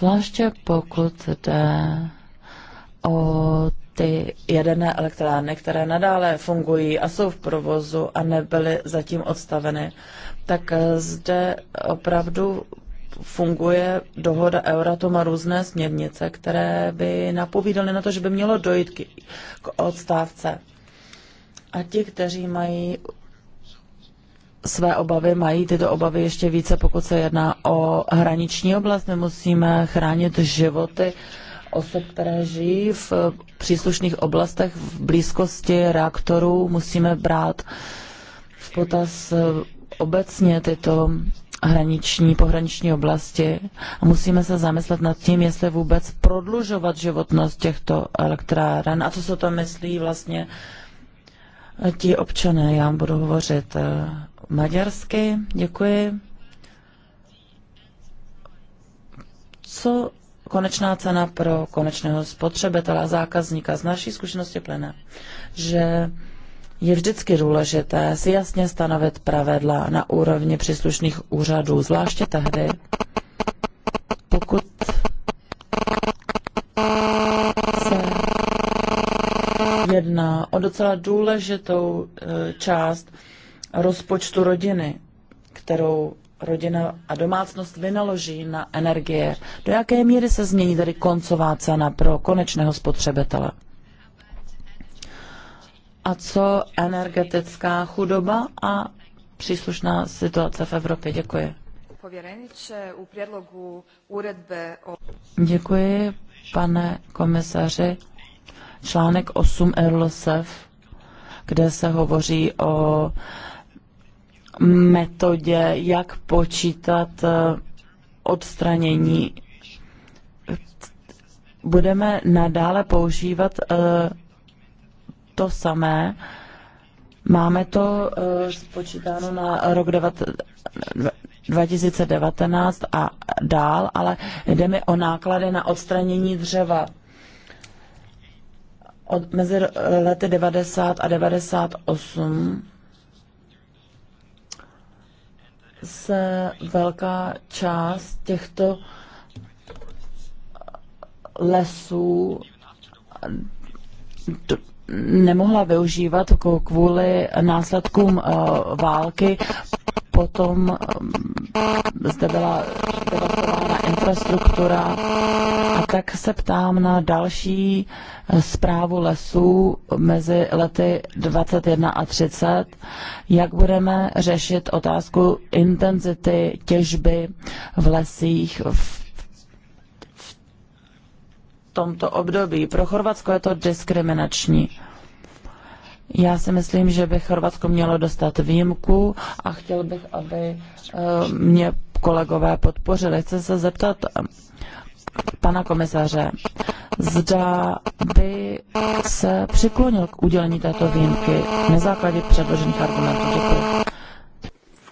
S3: Zvláště pokud jde o ty jaderné elektrárny, které nadále fungují a jsou v provozu a nebyly zatím odstaveny, tak zde opravdu funguje dohoda Euratom a různé směrnice, které by napovídaly na to, že by mělo dojít k odstávce. A ti, kteří mají své obavy, mají tyto obavy ještě více, pokud se jedná o hraniční oblast. My musíme chránit životy osob, které žijí v příslušných oblastech v blízkosti reaktorů. Musíme brát v potaz obecně tyto hraniční, pohraniční oblasti a musíme se zamyslet nad tím, jestli vůbec prodlužovat životnost těchto elektráren a co se to myslí vlastně ti občané. Já budu hovořit eh, maďarsky. Děkuji. Co konečná cena pro konečného spotřebitele a zákazníka z naší zkušenosti plyne, že je vždycky důležité si jasně stanovit pravidla na úrovni příslušných úřadů, zvláště tehdy, pokud se jedná o docela důležitou e, část rozpočtu rodiny, kterou rodina a domácnost vynaloží na energie, do jaké míry se změní tedy koncová cena pro konečného spotřebitele? A co energetická chudoba a příslušná situace v Evropě? Děkuji. Děkuji, pane komisaři. Článek 8 RLSF, kde se hovoří o metodě, jak počítat eh, odstranění. Budeme nadále používat eh, to samé. Máme to eh, spočítáno na rok 2019 a dál, ale jde mi o náklady na odstranění dřeva. Od, mezi lety 90 a 98 se velká část těchto lesů nemohla využívat kvůli následkům eh, války. Potom mm, zde byla devastována infrastruktura. A tak se ptám na další eh, zprávu lesů mezi lety 21 a 30, jak budeme řešit otázku intenzity těžby v lesích v tomto období. Pro Chorvatsko je to diskriminační. Já si myslím, že by Chorvatsko mělo dostat výjimku a chtěl bych, aby eh, mě kolegové podpořili. Chci se zeptat um, pana komisaře, zda by se přiklonil k udělení této výjimky na základě předložených argumentů.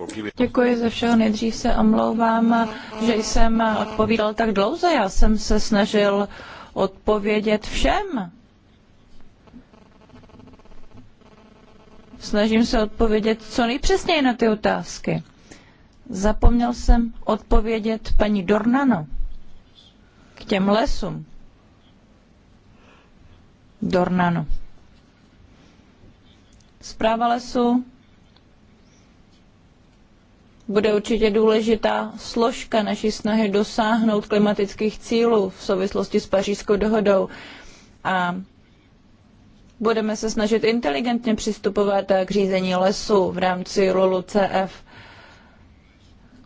S3: Děkuji.
S2: Děkuji ze všeho. Nejdřív se omlouvám, že jsem odpovídal tak dlouze. Já jsem se snažil odpovědět všem. Snažím se odpovědět co nejpřesněji na ty otázky. Zapomněl jsem odpovědět paní Dornano k těm lesům. Dornano. Zpráva lesu bude určitě důležitá složka naší snahy dosáhnout klimatických cílů v souvislosti s pařížskou dohodou. A budeme se snažit inteligentně přistupovat k řízení lesu v rámci rolu CF.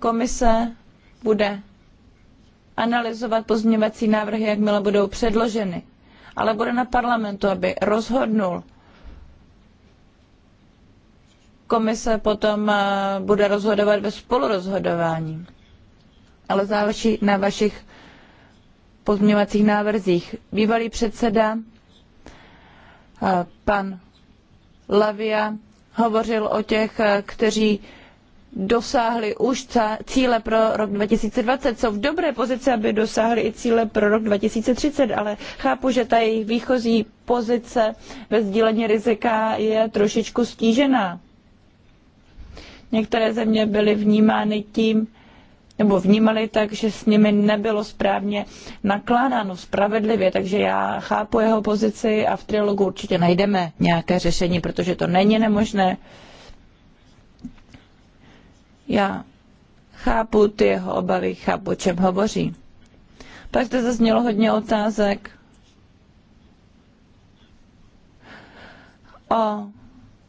S2: Komise bude analyzovat pozměňovací návrhy, jakmile budou předloženy. Ale bude na parlamentu, aby rozhodnul. Komise potom eh, bude rozhodovat ve spolurozhodování. Ale záleží na vašich pozměňovacích návrzích. Bývalý předseda, eh, pan Lavia, hovořil o těch, eh, kteří dosáhli už cíle pro rok 2020. Jsou v dobré pozici, aby dosáhli i cíle pro rok 2030, ale chápu, že ta jejich výchozí pozice ve sdílení rizika je trošičku stížená. Některé země byly vnímány tím, nebo vnímali tak, že s nimi nebylo správně nakládáno spravedlivě, takže já chápu jeho pozici a v trialogu určitě najdeme nějaké řešení, protože to není nemožné. Já chápu ty jeho obavy, chápu, o čem hovoří. Pak zde zaznělo hodně otázek o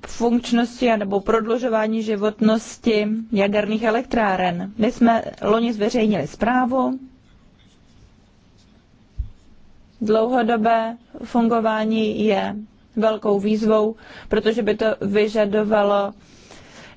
S2: funkčnosti nebo prodlužování životnosti jaderných elektráren. My jsme loni zveřejnili zprávu, dlouhodobé fungování je velkou výzvou, protože by to vyžadovalo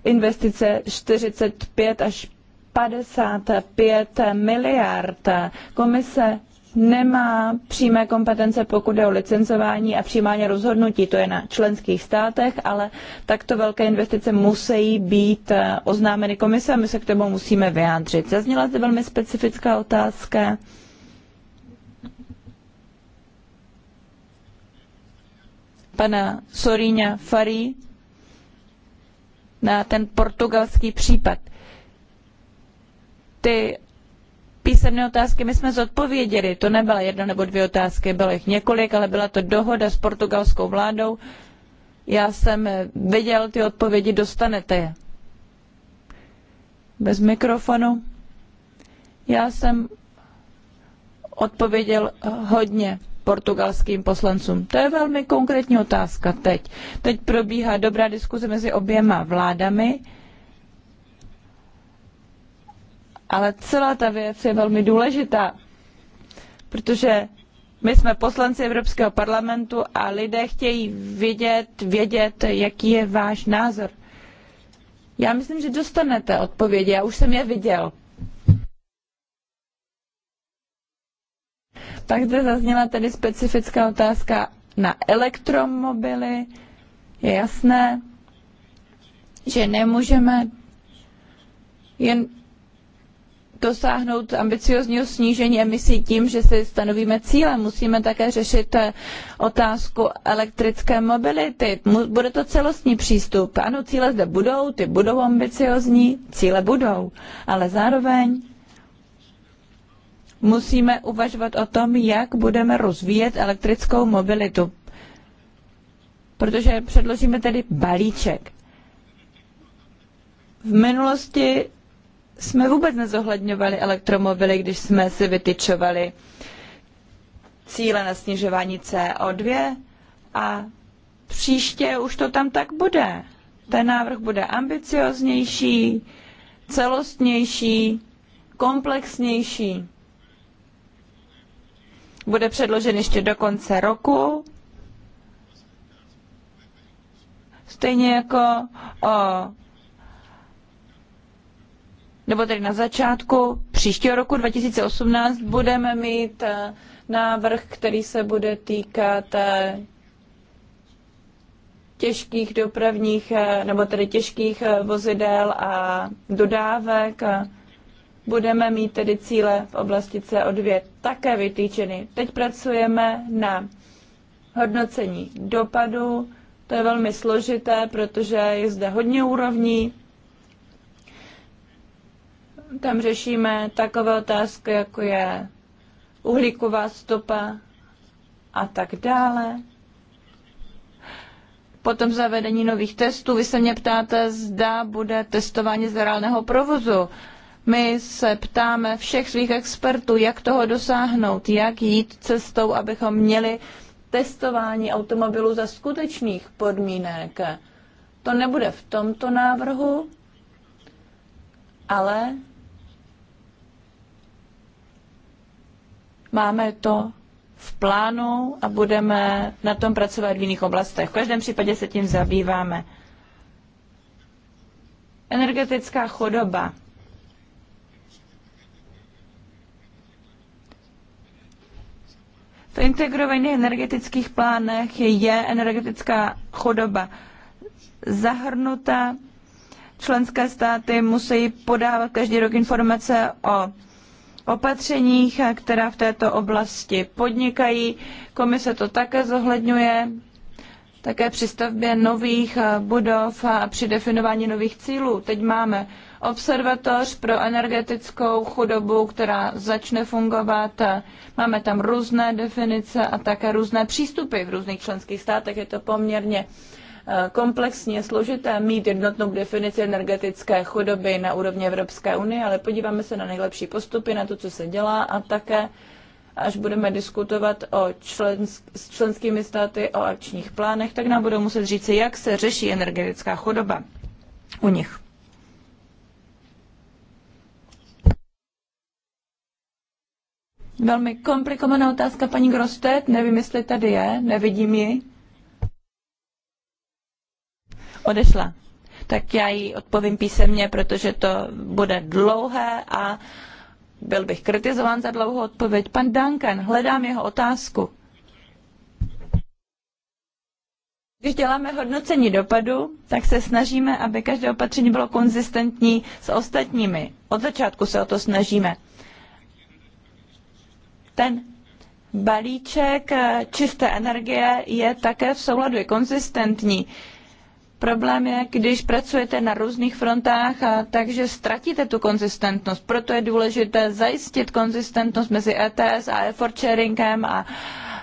S2: investice 45 až 55 miliard. Komise nemá přímé kompetence, pokud je o licencování a přijímání rozhodnutí. To je na členských státech, ale takto velké investice musí být eh, oznámeny komise a my se k tomu musíme vyjádřit. Zazněla zde velmi specifická otázka. Pana Soríňa Farí na ten portugalský případ. Ty písemné otázky my jsme zodpověděli. To nebyla jedna nebo dvě otázky, bylo jich několik, ale byla to dohoda s portugalskou vládou. Já jsem viděl ty odpovědi, dostanete je. Bez mikrofonu. Já jsem odpověděl hodně portugalským poslancům? To je velmi konkrétní otázka teď. Teď probíhá dobrá diskuze mezi oběma vládami, ale celá ta věc je velmi důležitá, protože my jsme poslanci Evropského parlamentu a lidé chtějí vědět, vědět, jaký je váš názor. Já myslím, že dostanete odpovědi, já už jsem je viděl. Tak zde zazněla tedy specifická otázka na elektromobily. Je jasné, že nemůžeme jen dosáhnout ambiciozního snížení emisí tím, že si stanovíme cíle. Musíme také řešit eh, otázku elektrické mobility. Bude to celostní přístup. Ano, cíle zde budou, ty budou ambiciozní, cíle budou, ale zároveň musíme uvažovat o tom, jak budeme rozvíjet elektrickou mobilitu. Protože předložíme tedy balíček. V minulosti jsme vůbec nezohledňovali elektromobily, když jsme si vytyčovali cíle na snižování CO2 a příště už to tam tak bude. Ten návrh bude ambicioznější, celostnější, komplexnější bude předložen ještě do konce roku, stejně jako o nebo tedy na začátku příštího roku 2018 budeme mít eh, návrh, který se bude týkat eh, těžkých dopravních, eh, nebo tedy těžkých vozidel a dodávek budeme mít tedy cíle v oblasti CO2 také vytýčeny. Teď pracujeme na hodnocení dopadu. To je velmi složité, protože je zde hodně úrovní. Tam řešíme takové otázky, jako je uhlíková stopa a tak dále. Potom zavedení nových testů. Vy se mě ptáte, zda bude testování z reálného provozu. My se ptáme všech svých expertů, jak toho dosáhnout, jak jít cestou, abychom měli testování automobilů za skutečných podmínek. To nebude v tomto návrhu, ale máme to v plánu a budeme na tom pracovat v jiných oblastech. V každém případě se tím zabýváme. Energetická chodoba. V integrovaných energetických plánech je energetická chudoba zahrnuta. Členské státy musí podávat každý rok informace o opatřeních, která v této oblasti podnikají. Komise to také zohledňuje, také při stavbě nových budov a při definování nových cílů. Teď máme observatoř pro energetickou chudobu, která začne fungovat. Máme tam různé definice a také různé přístupy v různých členských státech. Je to poměrně eh, komplexně složité mít jednotnou definici energetické chudoby na úrovni Evropské unie, ale podíváme se na nejlepší postupy, na to, co se dělá a také až budeme diskutovat o člensk- s členskými státy o akčních plánech, tak nám budou muset říci, jak se řeší energetická chudoba u nich. Velmi komplikovaná otázka, paní Grostet, nevím, jestli tady je, nevidím ji. Odešla. Tak já ji odpovím písemně, protože to bude dlouhé a byl bych kritizován za dlouhou odpověď. Pan Duncan, hledám jeho otázku. Když děláme hodnocení dopadu, tak se snažíme, aby každé opatření bylo konzistentní s ostatními. Od začátku se o to snažíme. Ten balíček eh, čisté energie je také v souladu, je konzistentní. Problém je, když pracujete na různých frontách, a eh, takže ztratíte tu konzistentnost. Proto je důležité zajistit konzistentnost mezi ETS a effort sharingem a,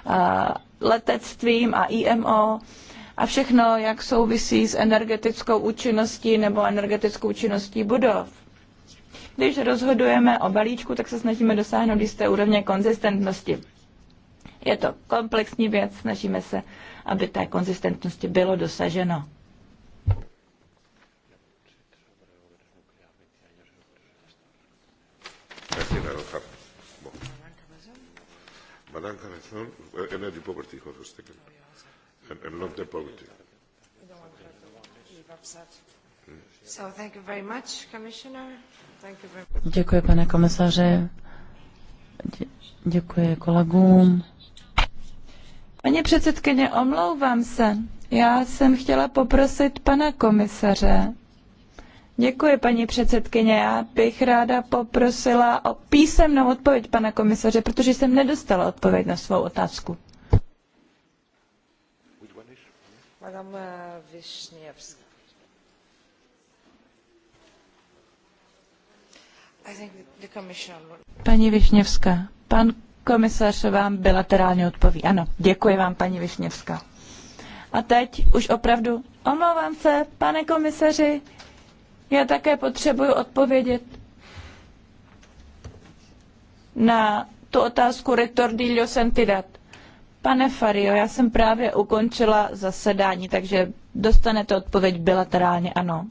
S2: a letectvím a IMO a všechno, jak souvisí s energetickou účinností nebo energetickou účinností budov. Když rozhodujeme o balíčku, tak se snažíme dosáhnout jisté úrovně konzistentnosti. Je to komplexní věc, snažíme se, aby té konzistentnosti bylo dosaženo.
S3: So thank you very much, Commissioner. Děkuji, pane komisaře. Děkuji kolegům. Paní
S2: předsedkyně, omlouvám se. Já jsem chtěla poprosit pana komisaře. Děkuji, paní předsedkyně. Já bych ráda poprosila o písemnou odpověď pana komisaře, protože jsem nedostala odpověď na svou otázku. Madame uh, Višněvská. Paní Višněvská, pan komisař vám bilaterálně odpoví. Ano, děkuji vám, paní Višněvská. A teď už opravdu omlouvám se, pane komisaři, já také potřebuji odpovědět na tu otázku retordillo sentidat. Pane Fario, já jsem právě ukončila zasedání, takže dostanete odpověď bilaterálně ano.